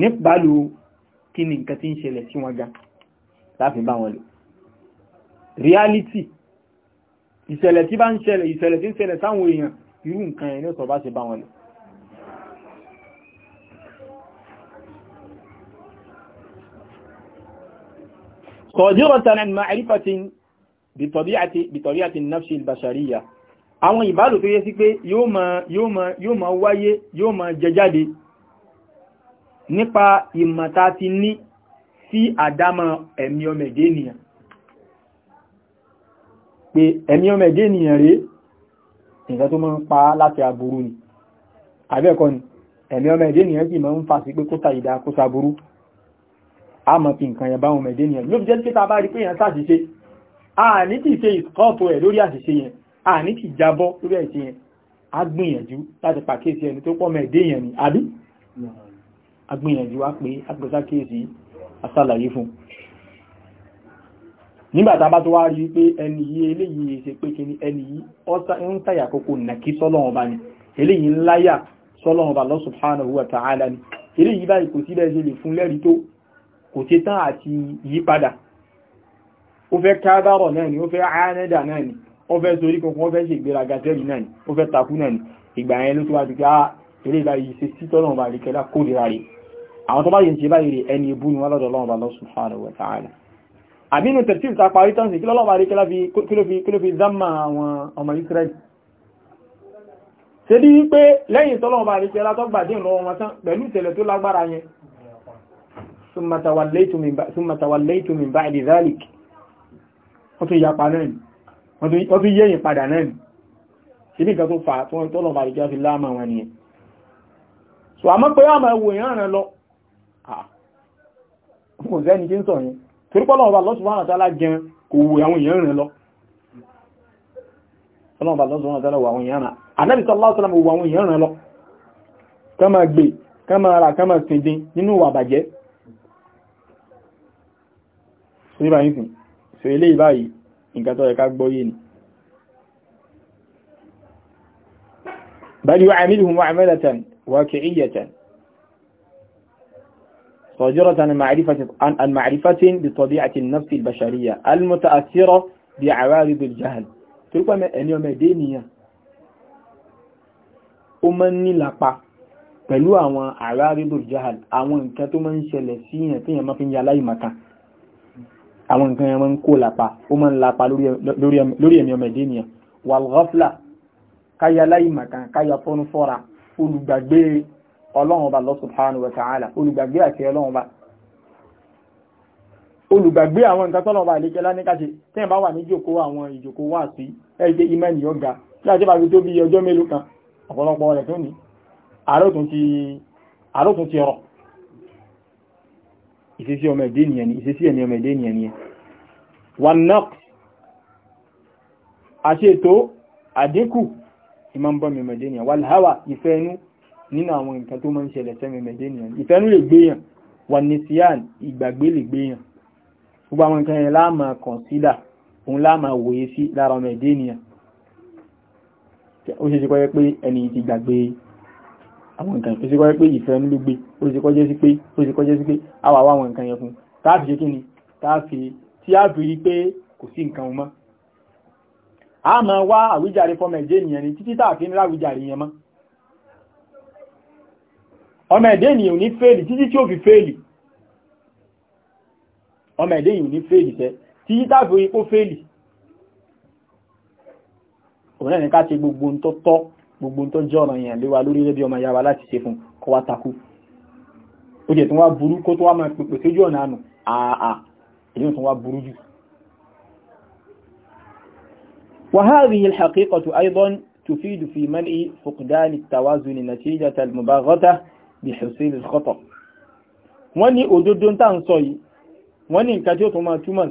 níbàálò kí ni nǹkan tí ń ṣẹlẹ̀ sí wọn ga láti bá lò reality ìṣẹ̀lẹ̀ tí bá ń ṣẹlẹ̀ ìṣẹ̀lẹ̀ tí ń ṣẹlẹ̀ sáwọn èèyàn irú nǹkan ẹ̀ ní ọ̀sọ̀ bá ṣe bá lò صادرة عن معرفة بطبيعة بطبيعة النفس البشرية àwọn ìbálò tó yẹ sí pé yóò máa yóò máa yóò máa wáyé yóò máa jẹjáde nípa ìmọ̀ta ti ní sí àdámọ̀ ẹ̀mí ọmọ ẹ̀dẹ́ ènìyàn pé ẹ̀mí ọmọ ẹ̀dẹ́ ènìyàn rèé nǹkan tó pa láti aburú ni àbẹ́ẹ̀kọ́ ni ẹ̀mí ọmọ ẹ̀dẹ́ ènìyàn sì máa ń fà sí pé kó sa ìdá a mọ̀ fi nǹkan yẹn bá wọn mẹ̀dé nìyẹn ló fi jẹ́ pé ta bá rí pé yẹn ṣàṣìṣe a ní ti ṣe ìkọ́ọ̀tù ẹ̀ lórí àṣìṣe yẹn a ní ti jábọ́ lórí àṣìṣe yẹn a gbìyànjú láti pàkíyèsí ẹni tó pọ̀ mẹ̀dé yẹn ni àbí a gbìyànjú wá pé apẹ́sákíyèsí asálàyé fún nígbà tá bá tó wá rí pé ẹni yìí eléyìí ṣe pé kí ni ẹni yìí ń tàyà kókó nàkí sọ́lọ́wọ́n bá ni eléyìí ńláyà sọ́lọ́wọ́n bá Allah subhanahu wa ta'ala ni eléyìí báyìí kò sí bẹ́ẹ̀ ṣe lè fún lẹ́rìí tó kò ṣe tán àti yípadà ó fẹ́ kábàrọ̀ náà ni ó fẹ́ ánẹ́dà náà ni ó fẹ́ sorí kankan ó fẹ́ ṣe ìgbéraga tẹ́lì náà ni ó fẹ́ takú náà ni ìgbà yẹn ló tó wá ti pé ah, eré ìbáyìí ṣe sí tọ́lọ́run bá rí kẹlá kórìíra rẹ̀ àwọn tó bá yìí ṣe báyìí rẹ̀ ẹni ibú ni wọ́n lọ́dọ̀ Ọlọ́run bá lọ subhanahu wa ta'ala àbínú tẹ̀tíf ta parí tán sí kí lọ́lọ́run bá rí kẹlá kí ló fi dámà àwọn ọmọ Israẹli ṣe bí wípé lẹ́yìn tọ́lọ́run bá rí kẹlá tó gbàdé ìlọ́wọ́ wọn tán pẹ̀lú ìṣẹ̀lẹ̀ tó lágbára yẹn ثم توليت من بعد ثم توليت من بعد ذلك wọ́n tún yapa náà ni wọ́n tún yẹ́yìn padà náà ni sí bí nǹkan tó fà tó tọ́lọ̀ bá ìjọ́ fi láàmà wọn ni ẹ̀ so a mọ́ pé àmà ẹwò èèyàn rẹ̀ lọ kò sẹ́ni tí ń sọ yẹn torí pé Ọlọ́run Allah subhanahu wa ta'ala so yíba yìí so ilé ìbáyìí nǹkan tó yẹ ká gbọ́ yìí ni bal yu'amiluhum mu'amalatan waqi'iyatan صادرة عن معرفة عن معرفة بطبيعة النفس البشرية المتأثرة بعوارض الجهل تلقى ẹni ọmọ ẹ̀dá ènìyàn ó máa ń nílapa pẹ̀lú àwọn àwárídò jahal àwọn nǹkan tó máa ń ṣẹlẹ̀ síyàn tí yàn yà àwọn nǹkan yẹn máa ń kó lápa ó máa ń lápa lórí ẹ̀mí ọmọ ẹ̀dẹ́ ènìyàn wàlúhọ́fìlà káyà láìmọ̀kan káyà fọ́nú fọ́ra olùgbàgbé ọlọ́run ọba wa ta'ala olùgbàgbé àti ọlọ́run ọba olùgbàgbé àwọn nǹkan tọ́lọ̀ ọba àlékẹ́lá ní káṣe tẹ́yìn bá wà ní ìjòkó imani ọ̀gá tí a ti bá fi tó bí ọjọ́ mélòó kan ọ̀pọ̀lọpọ̀ rẹ̀ tó ní àrótún ti ọ̀rọ̀ ìṣesí ọmọ ẹ̀dẹ́ ènìyàn ni ìṣesí ẹni ọmọ ẹ̀dẹ́ ènìyàn ni wọn náà àṣètò àdínkù ìmọ̀nbọ̀ mẹ̀mẹ̀dẹ́ ènìyàn wà láwà ìfẹ́ inú nínú àwọn nǹkan tó máa ń ṣẹlẹ̀ sẹ́ mẹ̀mẹ̀dẹ́ ènìyàn ìfẹ́ inú lè gbéyàn wà ní sian ìgbàgbé lè gbéyàn gbogbo àwọn nǹkan yẹn láàmà kọ̀nsídà òun láàmà wòye sí lára ọmọ ẹ̀dẹ́ ènìyàn ó ṣe ṣe kọ́ yẹ pé ẹni ti gbàgbé àwọn nǹkan tó ṣe kọjá pé ìfẹ́ ń ló gbé ó ṣe kọjá sí pé ó ṣe kọjá sí pé àwà wá àwọn nǹkan yẹn fún táàfi ṣe kíni táàfi tí a fi rí pé kò sí nǹkan mọ́ a máa wá àwíjàre fọmọ ẹ̀dẹ́ ènìyàn ni títí táàfi ń ráwíjàre yẹn mọ́ ọmọ ẹ̀dẹ́ ènìyàn ní fèèlì títí tí ó fi fèèlì ọmọ ẹ̀dẹ́ ènìyàn ní fèèlì tẹ́ títí táàfi rí fèèlì òun náà ní ká ṣe gbogbo ń tọ́tọ́ gbogbo tó jẹ́ ọ̀ràn yẹn léwa lórí rẹ́bí ọmọ ìyá láti ṣe fún kọ́ takú ó jẹ́ tó wá burú kó tó wá máa pèpè sójú ọ̀nà àánú àà èyí tó wá burú jù وهذه الحقيقة أيضا تفيد في منع فقدان التوازن نتيجة المباغتة بحصول الخطأ wọ́n ní òdodo tá ń sọ yìí wọ́n ní nǹkan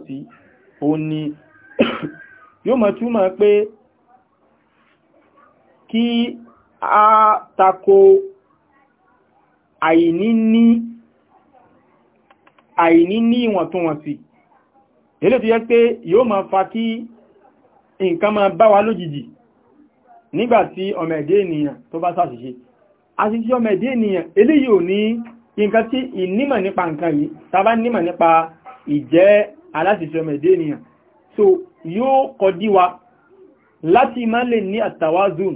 tí ó <coughs> kí a tako àìní ní àìní ní ìwọ̀ntúnwọ̀nsì ilé tó yẹ pé yóò máa fa kí nǹkan máa bá wa lójijì nígbàtí ọmọ ẹ̀dẹ́ ènìyàn tó bá ṣàṣìṣe àṣìṣe ọmọ ẹ̀dẹ́ ènìyàn eléyìí ò ní nǹkan tí ìnímọ̀ nípa nǹkan yìí tàbá nímọ̀ nípa ìjẹ́ aláṣìṣe ọmọ ẹ̀dẹ́ ènìyàn so yóò kọdí wa láti má lè ní àtàwázùn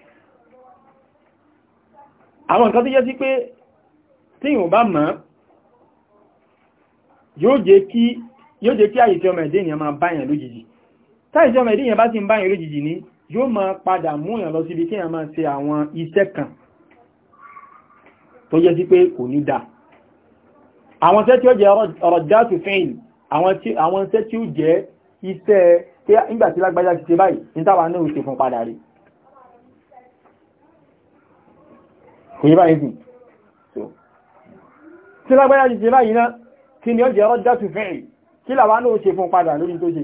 àwọn nǹkan tó jẹ́ sí pé tí ìwọ̀n bá mọ̀ yóò jẹ́ kí àyíṣẹ́ ọmọ ẹ̀dẹ́ ènìyàn máa báyàn lójijì táyíṣẹ́ ọmọ ẹ̀dẹ́ ènìyàn bá ti ń báyàn lójijì ní yóò máa padà múyàn lọ síbi kí èèyàn máa ṣe àwọn iṣẹ́ kan tó jẹ́ sí pé kò ní dá àwọn iṣẹ́ tí ó jẹ́ ọ̀rọ̀ dáàtù fẹ́yìn àwọn iṣẹ́ tí ó jẹ́ iṣẹ́ kò báyìí tí lágbáyà náà kí ni ó jẹ́ ọjọ́ tó fẹ́ kí làwa náà ṣe fún padà lórí tó ṣe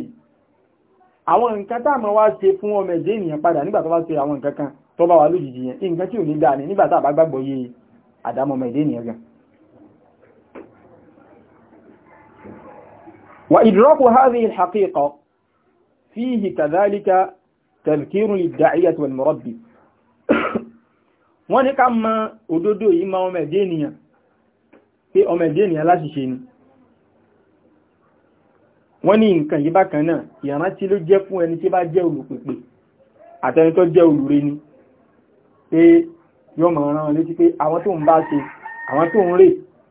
àwọn nǹkan tá máa wá ṣe fún ọmọ ẹ̀dẹ́ ènìyàn padà nígbà bá ṣe àwọn nǹkan kan tó bá wà lójijì yẹn nǹkan tí ò ní وإدراك هذه الحقيقة فيه كذلك تذكير للداعية والمربي wọ́n ní ká mọ òdodo yìí ma ọmọ ẹ̀dẹ́ ènìyàn pé ọmọ ẹ̀dẹ́ ènìyàn láṣìṣe ni wọ́n ní nǹkan yìí bákan náà ìrántí ló jẹ́ fún ẹni tí bá jẹ́ olùpèpè àtẹni tó jẹ́ olùre ni pé yóò mọ̀ ọ̀ràn létí pé àwọn tó ń bá ṣe àwọn tó ń rè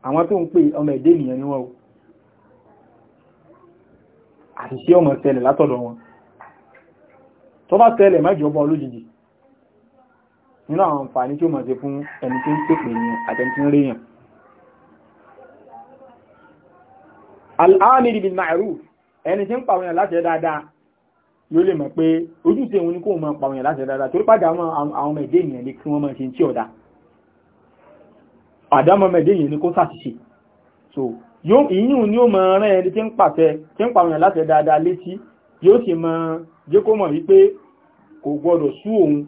àwọn tó ń pè ọmọ ẹ̀dẹ́ ènìyàn ni wọ́n o àṣìṣe ọmọ ṣẹlẹ̀ látọ̀dọ̀ wọn tó bá ṣẹlẹ̀ má jọ bọ́ nínú àwọn àǹfààní tí ó máa ṣe fún ẹni tí ń pèpè ní àtẹ́ntí ń ríyàn al-amiri bil ma'ruf ẹni tí ń pàwọ̀yàn láti ẹ dáadáa yóò lè mọ̀ pé ojúṣe òun ni kóhùn máa pàwọ̀yàn láti ẹ dáadáa torí àwọn ẹ̀dẹ́ ènìyàn ni kí wọ́n máa ṣe tí ọ̀dá so ìyún ni ó mọ rán ẹni tí ń pàṣẹ tí ń pàwọ̀yàn láti ẹ dáadáa létí yóò sì mọ jẹ́ kó mọ̀ wípé kò gbọdọ̀ sú òun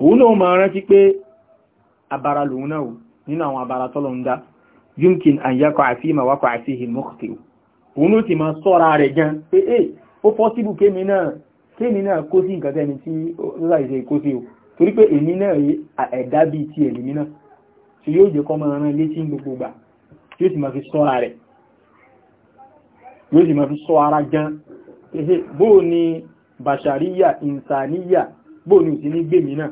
òun náà ma rántí pé abara lòun náà nínú àwọn abara tọ́lọ ń dá yunkin àyàkọ̀ àti ìmàwakọ̀ àti ìmọ̀kùtì òun ló ti ma sọ́ra rẹ̀ gan pé eh ó pọ́síbù kémi náà kémi náà kó sí nǹkan tẹ́ni tí ó ṣàìṣe kó sí o torí pé èmi náà ẹ̀dá bíi ti èmi náà tí yóò jẹ́ kọ́ máa rán létí gbogbo gbà tí yóò sì máa fi sọ́ra rẹ̀ yóò sì máa fi sọ ara gan bóò ni bàṣàríyà ìǹsàníyà bóò ni òsì ní gbèmí náà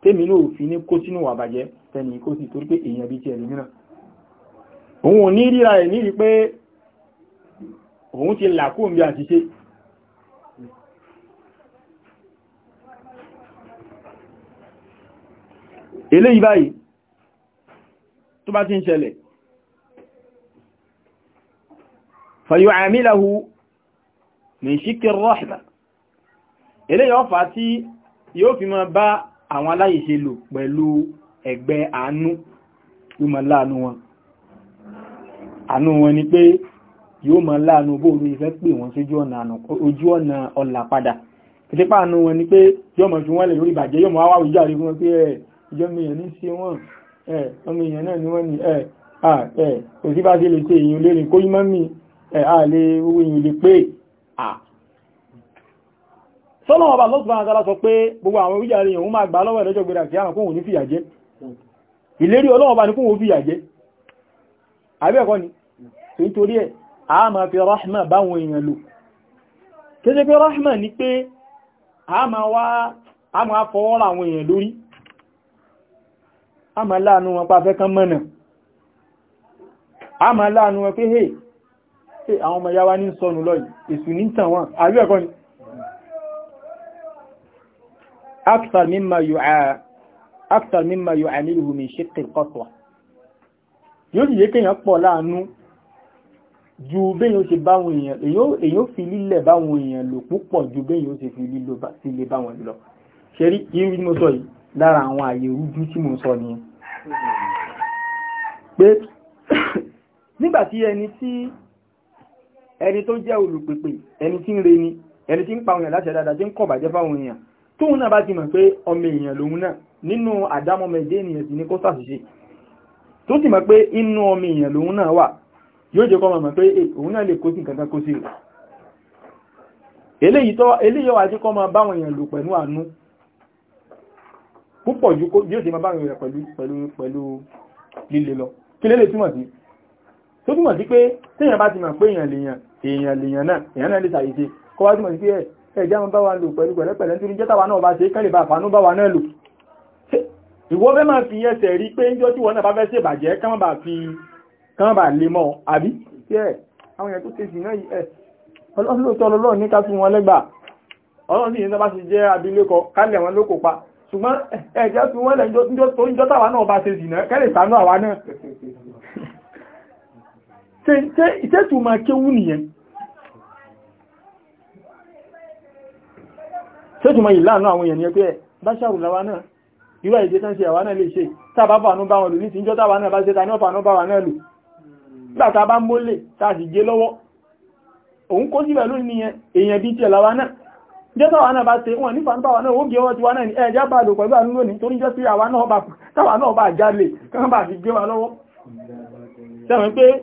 tèmi ló fi ní kó sínú wà bàjẹ́ tẹ́ni kó sì torí pé èèyàn bí ti ẹ̀lú mìíràn òun ò ní ríra ẹ̀ ní rí pé òun ti làkóhùn bí àti ṣe eléyìí báyìí tó bá ti ń ṣẹlẹ̀ fàyọ̀ àmìláhù ní ṣíkẹ̀ rọ́ṣà eléyìí ọfà tí yóò fi máa bá àwọn aláìṣe lò pẹ̀lú ẹ̀gbẹ́ àánú yóò máa láàánú wọn àánú wọn ni pé yóò máa láàánú bóòrú ìfẹ́ pè wọ́n sójú ọ̀nà ọ̀là padà ìtẹ́pá àánú wọn ni pé yóò máa fi wọ́n lẹ̀ lórí ìbàjẹ́ yóò máa wá ìjọ àrí wọn pé ẹ̀ ìjọmọ ni wọ́n ni ẹ̀ kò sí bá ṣe lè ṣe tọ́lọ́wọ́ bá lọ́sùn bá dára sọ pé gbogbo àwọn orílẹ̀-èdè òun máa gbà lọ́wọ́ ẹ̀lẹ́jọ́ gbẹ̀rẹ̀ kìí àwọn kóhùn ní fìyà jẹ́ ìlérí ọlọ́wọ́ bá ní kóhùn fìyà jẹ́ àbẹ́ẹ̀kọ́ ni tó ń torí ẹ̀ a fi rahma báwọn èèyàn lò kéṣe pé rahma ni pé a máa wá a máa fọwọ́ ra àwọn èèyàn lórí a máa láàánú wọn pàfẹ́ kan mọ́nà a máa láàánú wọn pé hey ni أكثر مما يعا أكثر مما يعامله من شق القصوى yóò sì yé kéèyàn pọ̀ láàánú ju béèyàn ṣe báwọn èèyàn èèyàn fi lílẹ̀ báwọn èèyàn lò púpọ̀ ju béèyàn ṣe fi lílò sílé báwọn lọ ṣerí irú ní mo sọ yìí lára àwọn àyè rújú tí mo sọ ni pé nígbàtí ẹni tí ẹni tó jẹ́ olùpèpè ẹni tí ń reni ẹni tí ń pa àwọn èèyàn láṣẹ dáadáa tí ń kọ̀ bàjẹ́ fáwọn èèyàn tóun náà bá ti mọ̀ pé ọmọ èèyàn lòun náà nínú àdámọ́mẹ́dé ènìyàn sì ní kó sàṣìṣe tó sì mọ̀ pé inú ọmọ èèyàn lòun náà wà yóò jẹ́ kọ́ mọ̀ pé òun náà lè kó sí nǹkan kó sí rẹ̀ eléyìí tó eléyìí wà tí kọ́ máa báwọn èèyàn lò pẹ̀lú àánú púpọ̀ jù bí ó ti ẹ̀já mọ́ bá wa lò pẹ̀lú pẹ̀lẹ́pẹ̀lẹ́ nítorí jẹ́ tàwa náà bá ṣe kẹ́lẹ̀ bá fàánú bá wa náà lò ìwọ fẹ́ máa fi ẹsẹ̀ rí pé níjọ́ tí wọ́n náà bá fẹ́ ṣe bàjẹ́ kán bá fi kán bá lè mọ́ àbí ẹ̀ àwọn èèyàn tó ṣe sì náà yìí ẹ̀ ọlọ́run ló tọ́ lọ́rọ̀ ní ká fún wọn lẹ́gbàá ọlọ́run sì ní tọ́ bá ṣe jẹ́ abilékọ kálẹ̀ wọn ló kò pa ṣùgbọ́n ẹ̀jẹ́ fi wọ́n lẹ́jọ́ tó ń jọ́ta wa náà bá ṣéjùmọ̀ ìlànà àwọn èèyàn ni ẹgbẹ́ báṣàrù láwa náà irú èdè tán sí àwa náà lè ṣe tàbá fàánú bá wọn lù ní tíjọ́ tàbá náà bá ṣe ta ní ọ̀fàánú bá wà náà lù gbàtà bá mólè tàbí gé lọ́wọ́ òun kó sí pẹ̀lú nìyẹn èèyàn bí tiẹ̀ láwa náà jẹ́ tàwa náà bá ṣe wọn ní fàánú báwa náà ó gé ọwọ́ tiwa náà ní ẹjá bá lò pẹ̀lú àánú lónìí torí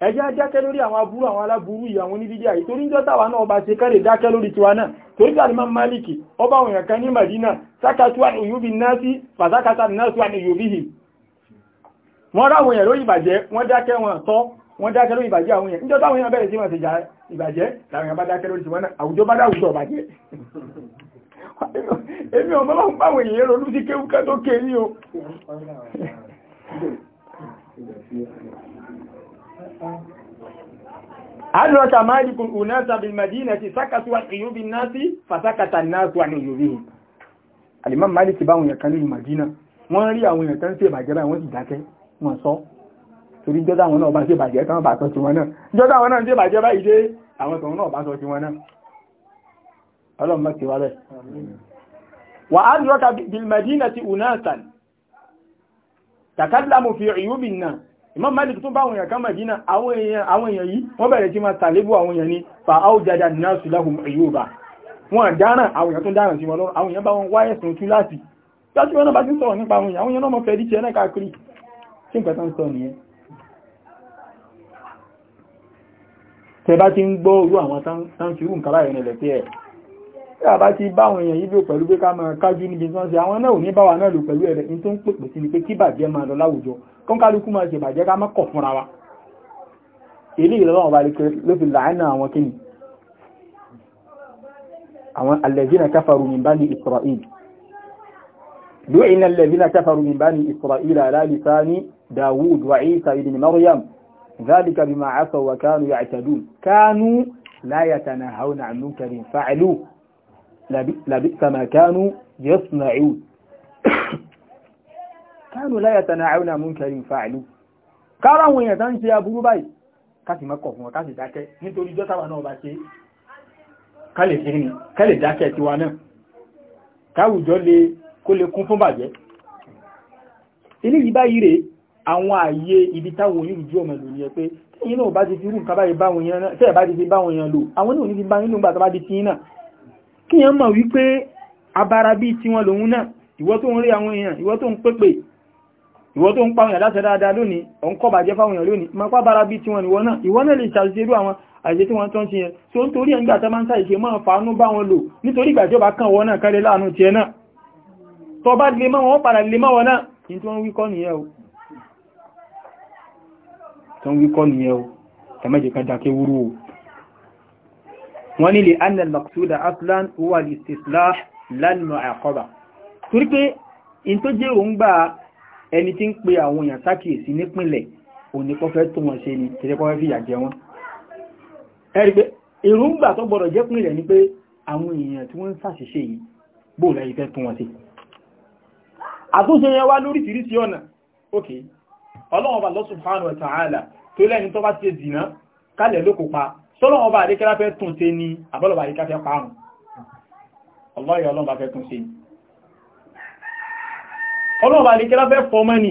ẹjẹ́ dákẹ́ lórí àwọn aburú àwọn aláburú yìí àwọn oníbídí àyí torí jọ náà ọba ṣe kẹ́rẹ̀ dákẹ́ lórí tiwa náà torí jọ ma Málìkì ọba àwọn èèyàn kan ní Madina sákàtúwà oyubi náà sí fàsákàtà náà sí òyúbi hì wọ́n ìbàjẹ́ wọ́n <laughs> <laughs> أدرك مالك أناسا بالمدينة سكتوا عن عيوب الناس فسكت الناس عن عيوبهم الإمام مالك bá àwọn èèyàn kan ní Màdínà wọ́n rí àwọn èèyàn kan ṣe ìbàjẹ́ báyìí wọ́n sì dákẹ́ wọ́n sọ torí jọ́dá àwọn náà bá ṣe ìbàjẹ́ Imam Malik tún bá àwọn èèyàn kan Madina àwọn èèyàn yìí wọ́n bẹ̀rẹ̀ sí máa tàlébù àwọn èèyàn ní fa áùjájá náà sí láhùn ìyóòbá wọn dáràn àwọn èèyàn tó dáràn sí wọn lọ́rọ̀ àwọn èèyàn bá wọn wáyé sùn tú láti láti wọn náà bá ti sọ̀rọ̀ nípa àwọn èèyàn àwọn èèyàn náà mọ̀ fẹ́ dí tiẹ̀ náà káàkiri tí nǹkan tó ń sọ nìyẹn tẹ bá a bá ti bá àwọn èèyàn yìí lò pẹ̀lú pé ká máa kájú níbi tí àwọn náà ò ní bá náà lò pẹ̀lú ẹ̀rẹ̀ ní tó ń pèpè sí ni pé kí bàjẹ́ máa lọ láwùjọ kon ka kọ́nkálukú máa ṣe je ká ma mọ́kọ̀ fúnra wa ilé lo bá lè ke ló fi la ina àwọn kíni àwọn allazina kafaru min bani Isra'il du du'ina allazina kafaru min bani Isra'il ala lisani daud wa Isa ibn Maryam dhalika bima asa wa kanu ya'tadun kanu la yatanahawna 'an munkarin fa'alu la bi la bi ma kanu yasna'u kánù láyà tànà àrùn àmú kẹrì ń fa àìlú kára àwọn èèyàn tó ń ṣe aburú báyìí káàsì mọ́kọ̀ fún wọn káàsì dákẹ́ nítorí jọ́ta wà náà bá ṣe kálẹ̀ fi rìn kálẹ̀ dákẹ́ tiwa náà káwùjọ lè kó lè kún fún bàjẹ́ ilé yìí báyìí rèé àwọn ààyè ibi táwọn onírùjú ọmọ ìlú ni ẹ pé tẹ́yìn náà bá ti fi rú nǹkan báyìí báwọn èèyàn mọ̀ wípé abara bíi tiwọn lòun náà ìwọ tó ń rí àwọn èèyàn ìwọ tó ń pépè ìwọ tó ń pàwọn èèyàn láti dáadáa lónìí òun kọ́ bàjẹ́ fáwọn èèyàn lónìí ma pá bára bí tí wọn ìwọ náà ìwọ náà lè ṣàṣerú àwọn àìṣẹ́ tí wọ́n tán ti yẹn tí ó ń torí ẹ̀ngbà tó máa ń ṣàìṣe máa fàánú bá wọn lò nítorí ìgbàjọba kan wọn náà kẹ́lẹ́ láàánú ti ẹ náà tó bá lè ẹni tí ń pe àwọn èèyàn sákìyèsí nípìnlẹ̀ òní kọ́ fẹ́ tó wọn ṣe ni kìí kọ́ fẹ́ fìyà jẹ wọn ẹ̀rí pé èròǹgbà tó gbọdọ̀ jẹ́ pínlẹ̀ ni pé àwọn èèyàn tí wọ́n ń ṣàṣìṣe yìí bóòlá ìfẹ́ tó wọn ṣe àtúnṣe yẹn wá lóríṣiríṣi ọ̀nà ókè ọlọ́run bá subhanahu wa ta'ala tó lẹ́ni tó bá ti ṣe dìná kálẹ̀ ló kò pa sọ́lọ́run bá àdékẹ́lá fẹ́ tún ṣe ni àbọ́lọ́bà àdékẹ́lá fẹ́ parun ọlọ́run ọlọ́run bá fẹ́ tún ṣe ni ọlọ́ọ̀bá àdíkẹ́lá fẹ́ fọmọ́ ni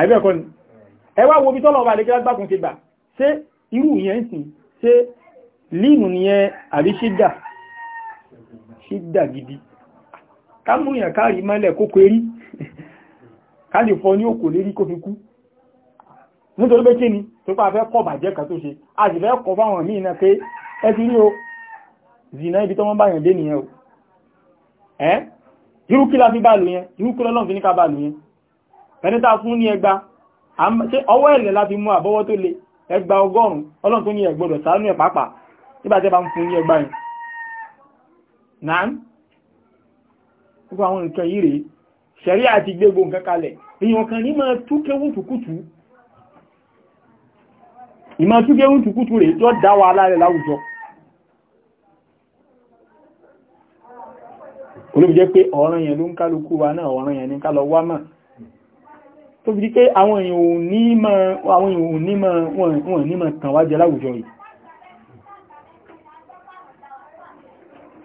àìbẹ̀kọ́ ni ẹwà wo bí tọ́lọ̀ọ̀bá àdíkẹ́lá gbákùn ti gbà ṣe irú yẹn sì ṣe líìnù nìyẹn àbí ṣídà ṣídà gidi kámúyàn káàrí mọ́lẹ̀ kókó erí California kò lérí kó fi kú nítorí pé kí ni tó pàá fẹ́ kọ́ bàjẹ́ kan tó ṣe a sì fẹ́ kọ́ fáwọn míì náà pé ẹ ti rí o zìnà ibi tọ́mọ́ báyàn dé nìyẹn o ẹ́ irú kí la fi bá nìyẹn irú kí lọ́lọ́n fi ní ká bá nìyẹn ẹni tá fún ní ẹgbà ọwọ́ ẹ̀lẹ̀ la fi mú àbọ́wọ́ tó le ẹgbà ọgọ́rùn ọlọ́n tó ní ẹgbọ́dọ̀ ṣàánú ẹ̀ pàápàá nígbà tẹ́ bá ń fún ní ẹgbà yẹn náà gbogbo àwọn nǹkan yìí rèé ṣẹ̀rí àti gbégbó nǹkan kalẹ̀ èèyàn kan ní máa tú tó dá wa láwùjọ olóbi jẹ́ pé ọ̀ràn yẹn ló ń kálukú wa náà ọ̀ràn yẹn ní ká lọ wá mà tó fi di pé àwọn èèyàn ò ní mọ̀ wọn ní mọ̀ tàn wá jẹ láwùjọ yìí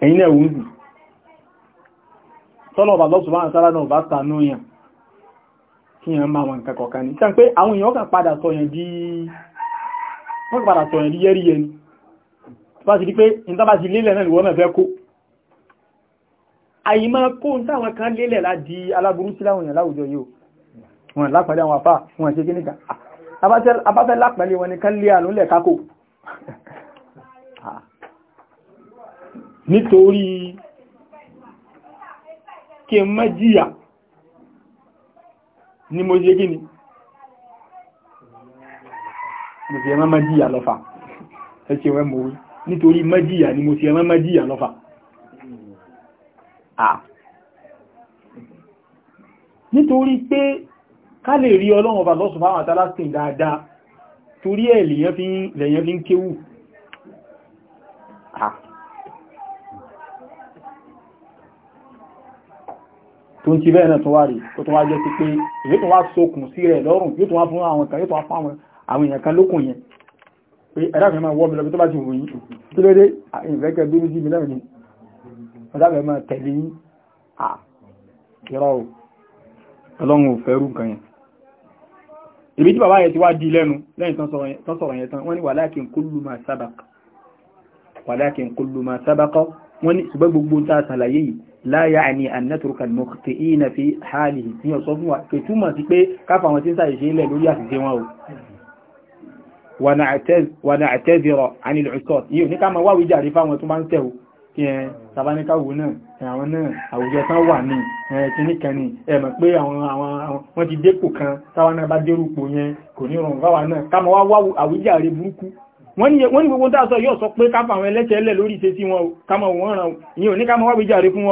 ẹ̀yin náà wùn sí tọ́lọ̀ bàbá ṣùgbọ́n àtàrà náà bá tànú yàn kí yàn máa wọn kẹ́kọ̀ọ́ di wọ́n padà sọ̀yàn di yẹ́rí yẹni tó bá ti di àyímọ́ kó ń táwọn kan lélẹ̀ láti aláburú sí láwọn èèyàn láwùjọ yóò wọn lápẹ̀lẹ̀ àwọn àfá wọn ṣe kíníkà abáfẹ́ lápẹ̀lẹ̀ wọn ni kan lé àánú lẹ̀ kákò nítorí kí n mọ́ jìyà ni mo ṣe kíní mo ṣe mọ́ lọ́fà ẹ ṣe wẹ́ nítorí mọ́ ni mo ṣe mọ́ lọ́fà à nítorí pé ká lè rí ọlọ́run ọba lọ́sùn fáwọn àtàlásìn dáadáa torí ẹ̀ lèyàn fi ń kéwù tó ń ti bẹ́ẹ̀ náà tó wá rí tó tó wá jẹ́ sí pé èyí tó wá sókùn sí rẹ̀ lọ́rùn yóò tó wá fún àwọn kan yóò tó wá fún àwọn èèyàn kan lókùn yẹn pé ẹ̀dá mi máa wọ́ mi lọ bí tó bá ti wù yí kí ló dé ìfẹ́kẹ́ bí ó jí mi lẹ́rìn ọ̀sáfẹ́ máa tẹ̀lé yín à kírọ́ o ọlọ́run ò fẹ́rù nǹkan yẹn ìbí tí bàbá yẹn ti wá di lẹ́nu lẹ́yìn tán sọ̀rọ̀ yẹn tán wọ́n ní walakin kullu ma sabaqa walakin kullu ma sabaqa wọ́n ní ṣùgbọ́n gbogbo ń tàà sàlàyé yìí la ya'ni an natruka al-mukhti'ina fi halihi ní ọ̀sọ́ fún wa kò túmọ̀ sí pé káfà wọn ń sàyè ṣe ilẹ̀ lórí àṣìṣe wọn o wa na'tazira 'anil 'usat yìí ní ká máa wáwí jàre fáwọn tó máa ń tẹ̀ o ẹ̀ tàbáníkàwò náà àwọn náà àwùjọ tán wà ní ẹ̀kìníkan ni ẹ̀mọ̀ pé àwọn ti dépò kan táwọn náà bá dérúpò yẹn kò ní rọrùn fáwà náà káàmọ̀ wá wá àwíjàre burúkú wọ́n ní gbogbo dáṣọ yóò sọ pé káfà àwọn ẹlẹ́tẹ̀ẹ́lẹ̀ lórí ṣe sí wọn káàmọ̀ wọ́n ràn yíò ní káàmọ̀ wáwíjàre fún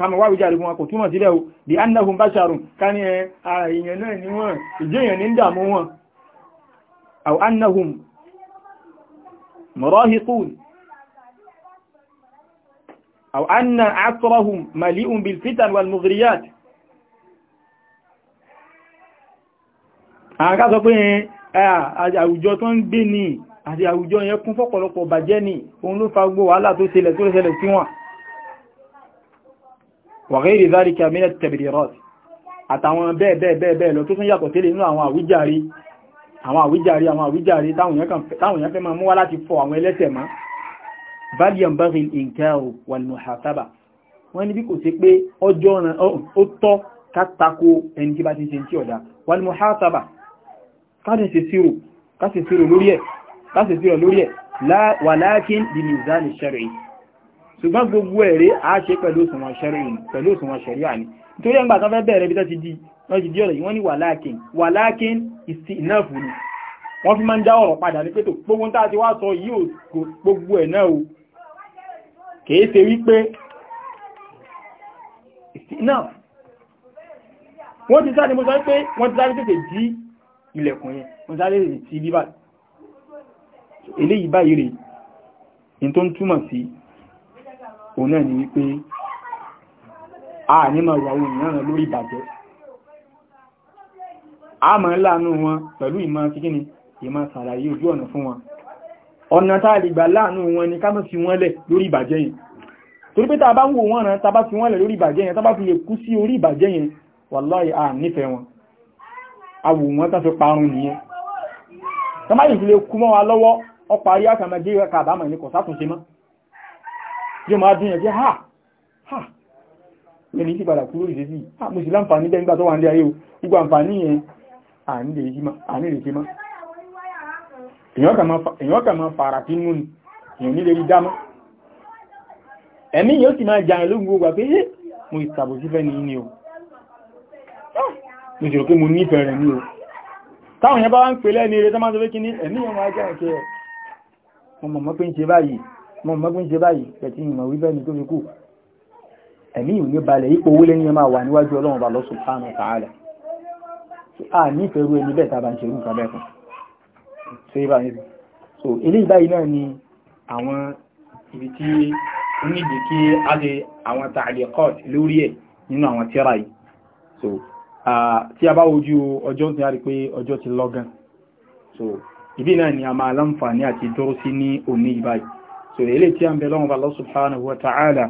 kama wá wíjà àrífún akò túnmọ̀ sílẹ̀ o bí annahum basharun ká ní ẹ̀ ara èèyàn náà ni wọ́n ìjẹ́yàn ní ń wọn أو أنهم مراهقون أو أن عصرهم مليء بالفتن والمغريات àkà sọ pé àwùjọ tó ń gbé ní àti àwùjọ yẹn kún fọ́pọ̀lọpọ̀ bàjẹ́ ní òun ló fa gbó wàhálà tó ṣẹlẹ̀ tó ṣẹlẹ̀ sí wọn wa ghayri dhalika min at-tabdirat àtàwọn bẹ́ẹ̀ bẹ́ẹ̀ bẹ́ẹ̀ lọ tó àwọn àwíjàre àwọn àwíjàre táwọn èèyàn fẹ́ máa mú wá láti fọ àwọn ẹlẹ́sẹ̀ má valium baril inkaro wal muhasaba wọ́n ní bí kò sí pé ọjọ́ ọ̀ràn ó tọ́ kátàkó ẹni tí bá ti ṣe tí ọ̀dá wal muhasaba káṣẹ̀ sírò lórí ẹ̀ walakin bi wọ́n ti di ọ̀rọ̀ yìí wọ́n ní wàlákin wàlákin ìsìnáàfù ni wọ́n fi máa ń dá ọ̀rọ̀ padà ní pẹ́tò gbogbo tá a ti wá sọ yìí gbogbo ẹ̀ náà o kìí ṣe wípé ìsìnáàfù wọ́n ti sáré mo sọ pé wọ́n ti sáré tètè dí ilẹ̀kùn yẹn wọ́n sáré tètè ti bíbá eléyìí báyìí rèé ní tó ń túmọ̀ sí òun náà ni wípé a ní máa wà àwọn èèyàn lórí ìbàjẹ́ a mọ̀ láàánú wọn pẹ̀lú ìmọ̀ síkíní ìmọ̀ sàlàyé ojú ọ̀nà fún wọn ọ̀nà tá a lè gbà láàánú wọn ni ká má fi wọ́n lẹ̀ lórí ìbàjẹ́ yẹn torí pé tá a na ń wò wọ́n rán a fi wọ́n lẹ̀ lórí ìbàjẹ́ yẹn a fi lè kú sí orí ìbàjẹ́ a a fi parun nìyẹn tá má yìí wa lọ́wọ́ ọpa ayé àkàmẹ́gbé kàbámọ̀ ní kọ̀sátúnṣe mọ́ yẹn ànílèsí mọ́ èyàn kà máa fara tí mú ni èyàn nílè rí dámọ́ ẹ̀mí yóò sì máa jàrin lóògùn gbogbo pé yé mo ìsàbò sí fẹ́ ni ní o ah, mo sì rò pé mo nífẹ̀ẹ́ rẹ̀ ní o táwọn yẹn bá wá ń pè lẹ́ni eré tó máa sọ pé kí ní ẹ̀mí yẹn máa jàrin kẹ́ mo mọ̀ mọ́ pé ń ṣe báyìí mo mọ̀ mọ́ pé ń ṣe báyìí pẹ̀tí ìmọ̀ wíbẹ́ ni tó fi kù ẹ̀mí ìwé balẹ̀ ipò owó lẹ́yìn máa wà níwájú a ah, nífẹ̀ẹ́rú ẹni bẹ́ẹ̀ tàbà ń ṣerú nǹkan bẹ́ẹ̀ kan ṣe bá yẹn so eléyìí báyìí náà ni àwọn ibi tí ó nídìí kí a lè àwọn tààlẹ́kọ̀t lórí ẹ̀ nínú àwọn tíra yìí so tí a bá wojú ọjọ́ tí a rí pé ọjọ́ ti lọ́gán so ibi náà ni a máa láǹfààní àti dúró sí ní òní ìbáyìí so eléyìí tí a ń bẹ lọ́wọ́ wa ta'ala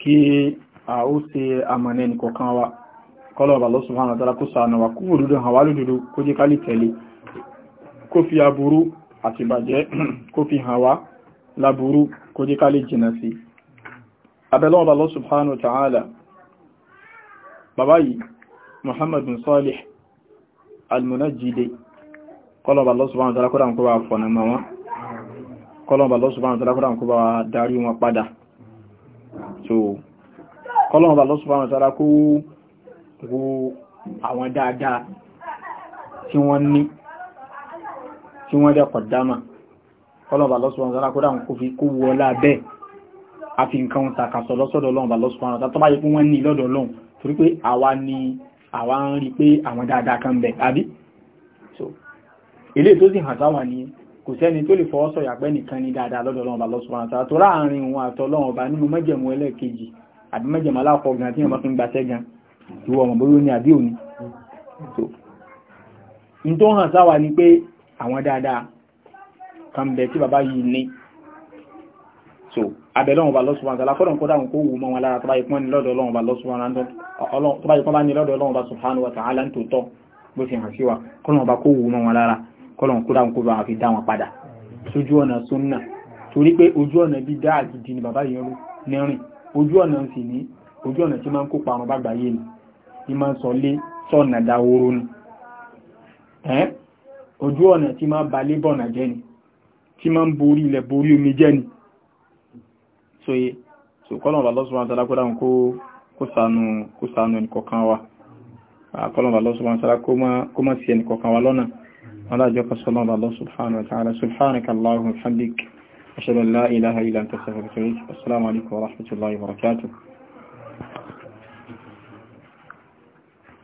kí a ó ṣe àmọ̀nẹ́ni kọlọ̀bà lọ́sùn hàn àtàrà kó sàánà wà kúrò dúdú hàn wà lódúdú kó jẹ́ kálì tẹ̀lé kó fi aburú àti bàjẹ́ <clears throat> kó fi hàn wá láburú kó jẹ́ kálì jìnà sí salih almunajide kọlọ̀bà lọ́sùn hàn àtàrà kó bá fọ̀nà mọ́ kọlọ̀bà lọ́sùn hàn àtàrà kó bá darí wọn padà so kọlọ̀bà lọ́sùn hàn àtàrà kó wo àwọn dáadáa tí wọ́n ní tí wọ́n dẹ́kọ̀ dáma ọlọ́ọ̀bà lọ́sùwọ́n sára kó dáhùn kó fi kó wọ lábẹ́ àfi nǹkan tàkàsọ lọ́sọ̀dọ̀ ọlọ́ọ̀bà lọ́sùwọ́n tó bá yẹ pé wọ́n ní ń rí pé so ilé tó sì hàn sáwà ni kò sẹ́ni tó lè fọwọ́ sọ̀yà pé nìkan ní dáadáa lọ́dọ̀ ọlọ́ọ̀bà lọ́sùwọ́n sára tó láàrin òun àtọlọ́ọ̀bà nínú mẹ́jẹ̀mú ẹlẹ́ẹ̀kejì àbí mẹ́jẹ̀mú alákọ̀ọ́gan tí wọ́n fi ń gbaṣẹ́ gan ìwọ ọmọ bóyó ní àbí òní so n tó hàn sáwà ni pé àwọn dáadáa kan tí bàbá yìí ní so abẹ́lọ́wọ̀n bá lọ́sùn wọn tàbí kọ́dọ̀ kọ́dọ̀ kó wù mọ́ wọn lára tó bá yìí pọ́n ní lọ́dọ̀ ọlọ́wọ̀n bá lọ́sùn wọn tó bá yìí pọ́n bá ní lọ́dọ̀ ọlọ́wọ̀n bá subhanahu wa ta'ala ń tòótọ́ bó ti hàn sí wa kọ́lọ̀ bá kó wù mọ́ wọn lára kọ́lọ̀ kó dáhùn kó bá fi dá wọn padà sójú ọ̀nà súnnà torí pé ojú ọ̀nà bí dáa gidi ni bàbá yìí rú nírìn ojú tí máa ń kópa àrùn bá gbà yé tí máa sọlé sọ̀nà dáwóró ni ojú ọ̀nà tí máa balé bọ̀nà jẹ́ ni tí máa ń borí ilẹ̀ borí omi jẹ́ ni sóye so kọ́lọ̀bà lọ́sùn wọn tàbí kọ́lọ̀bà kó sànú ẹnìkọ̀kan wa kọ́lọ̀bà lọ́sùn wọn tàbí kó má sí ẹnìkọ̀kan wa lọ́nà wọn láàjọ́ kọ́sọ̀lọ́bà lọ́sùn subhanaka allahumma wa bihamdik ashhadu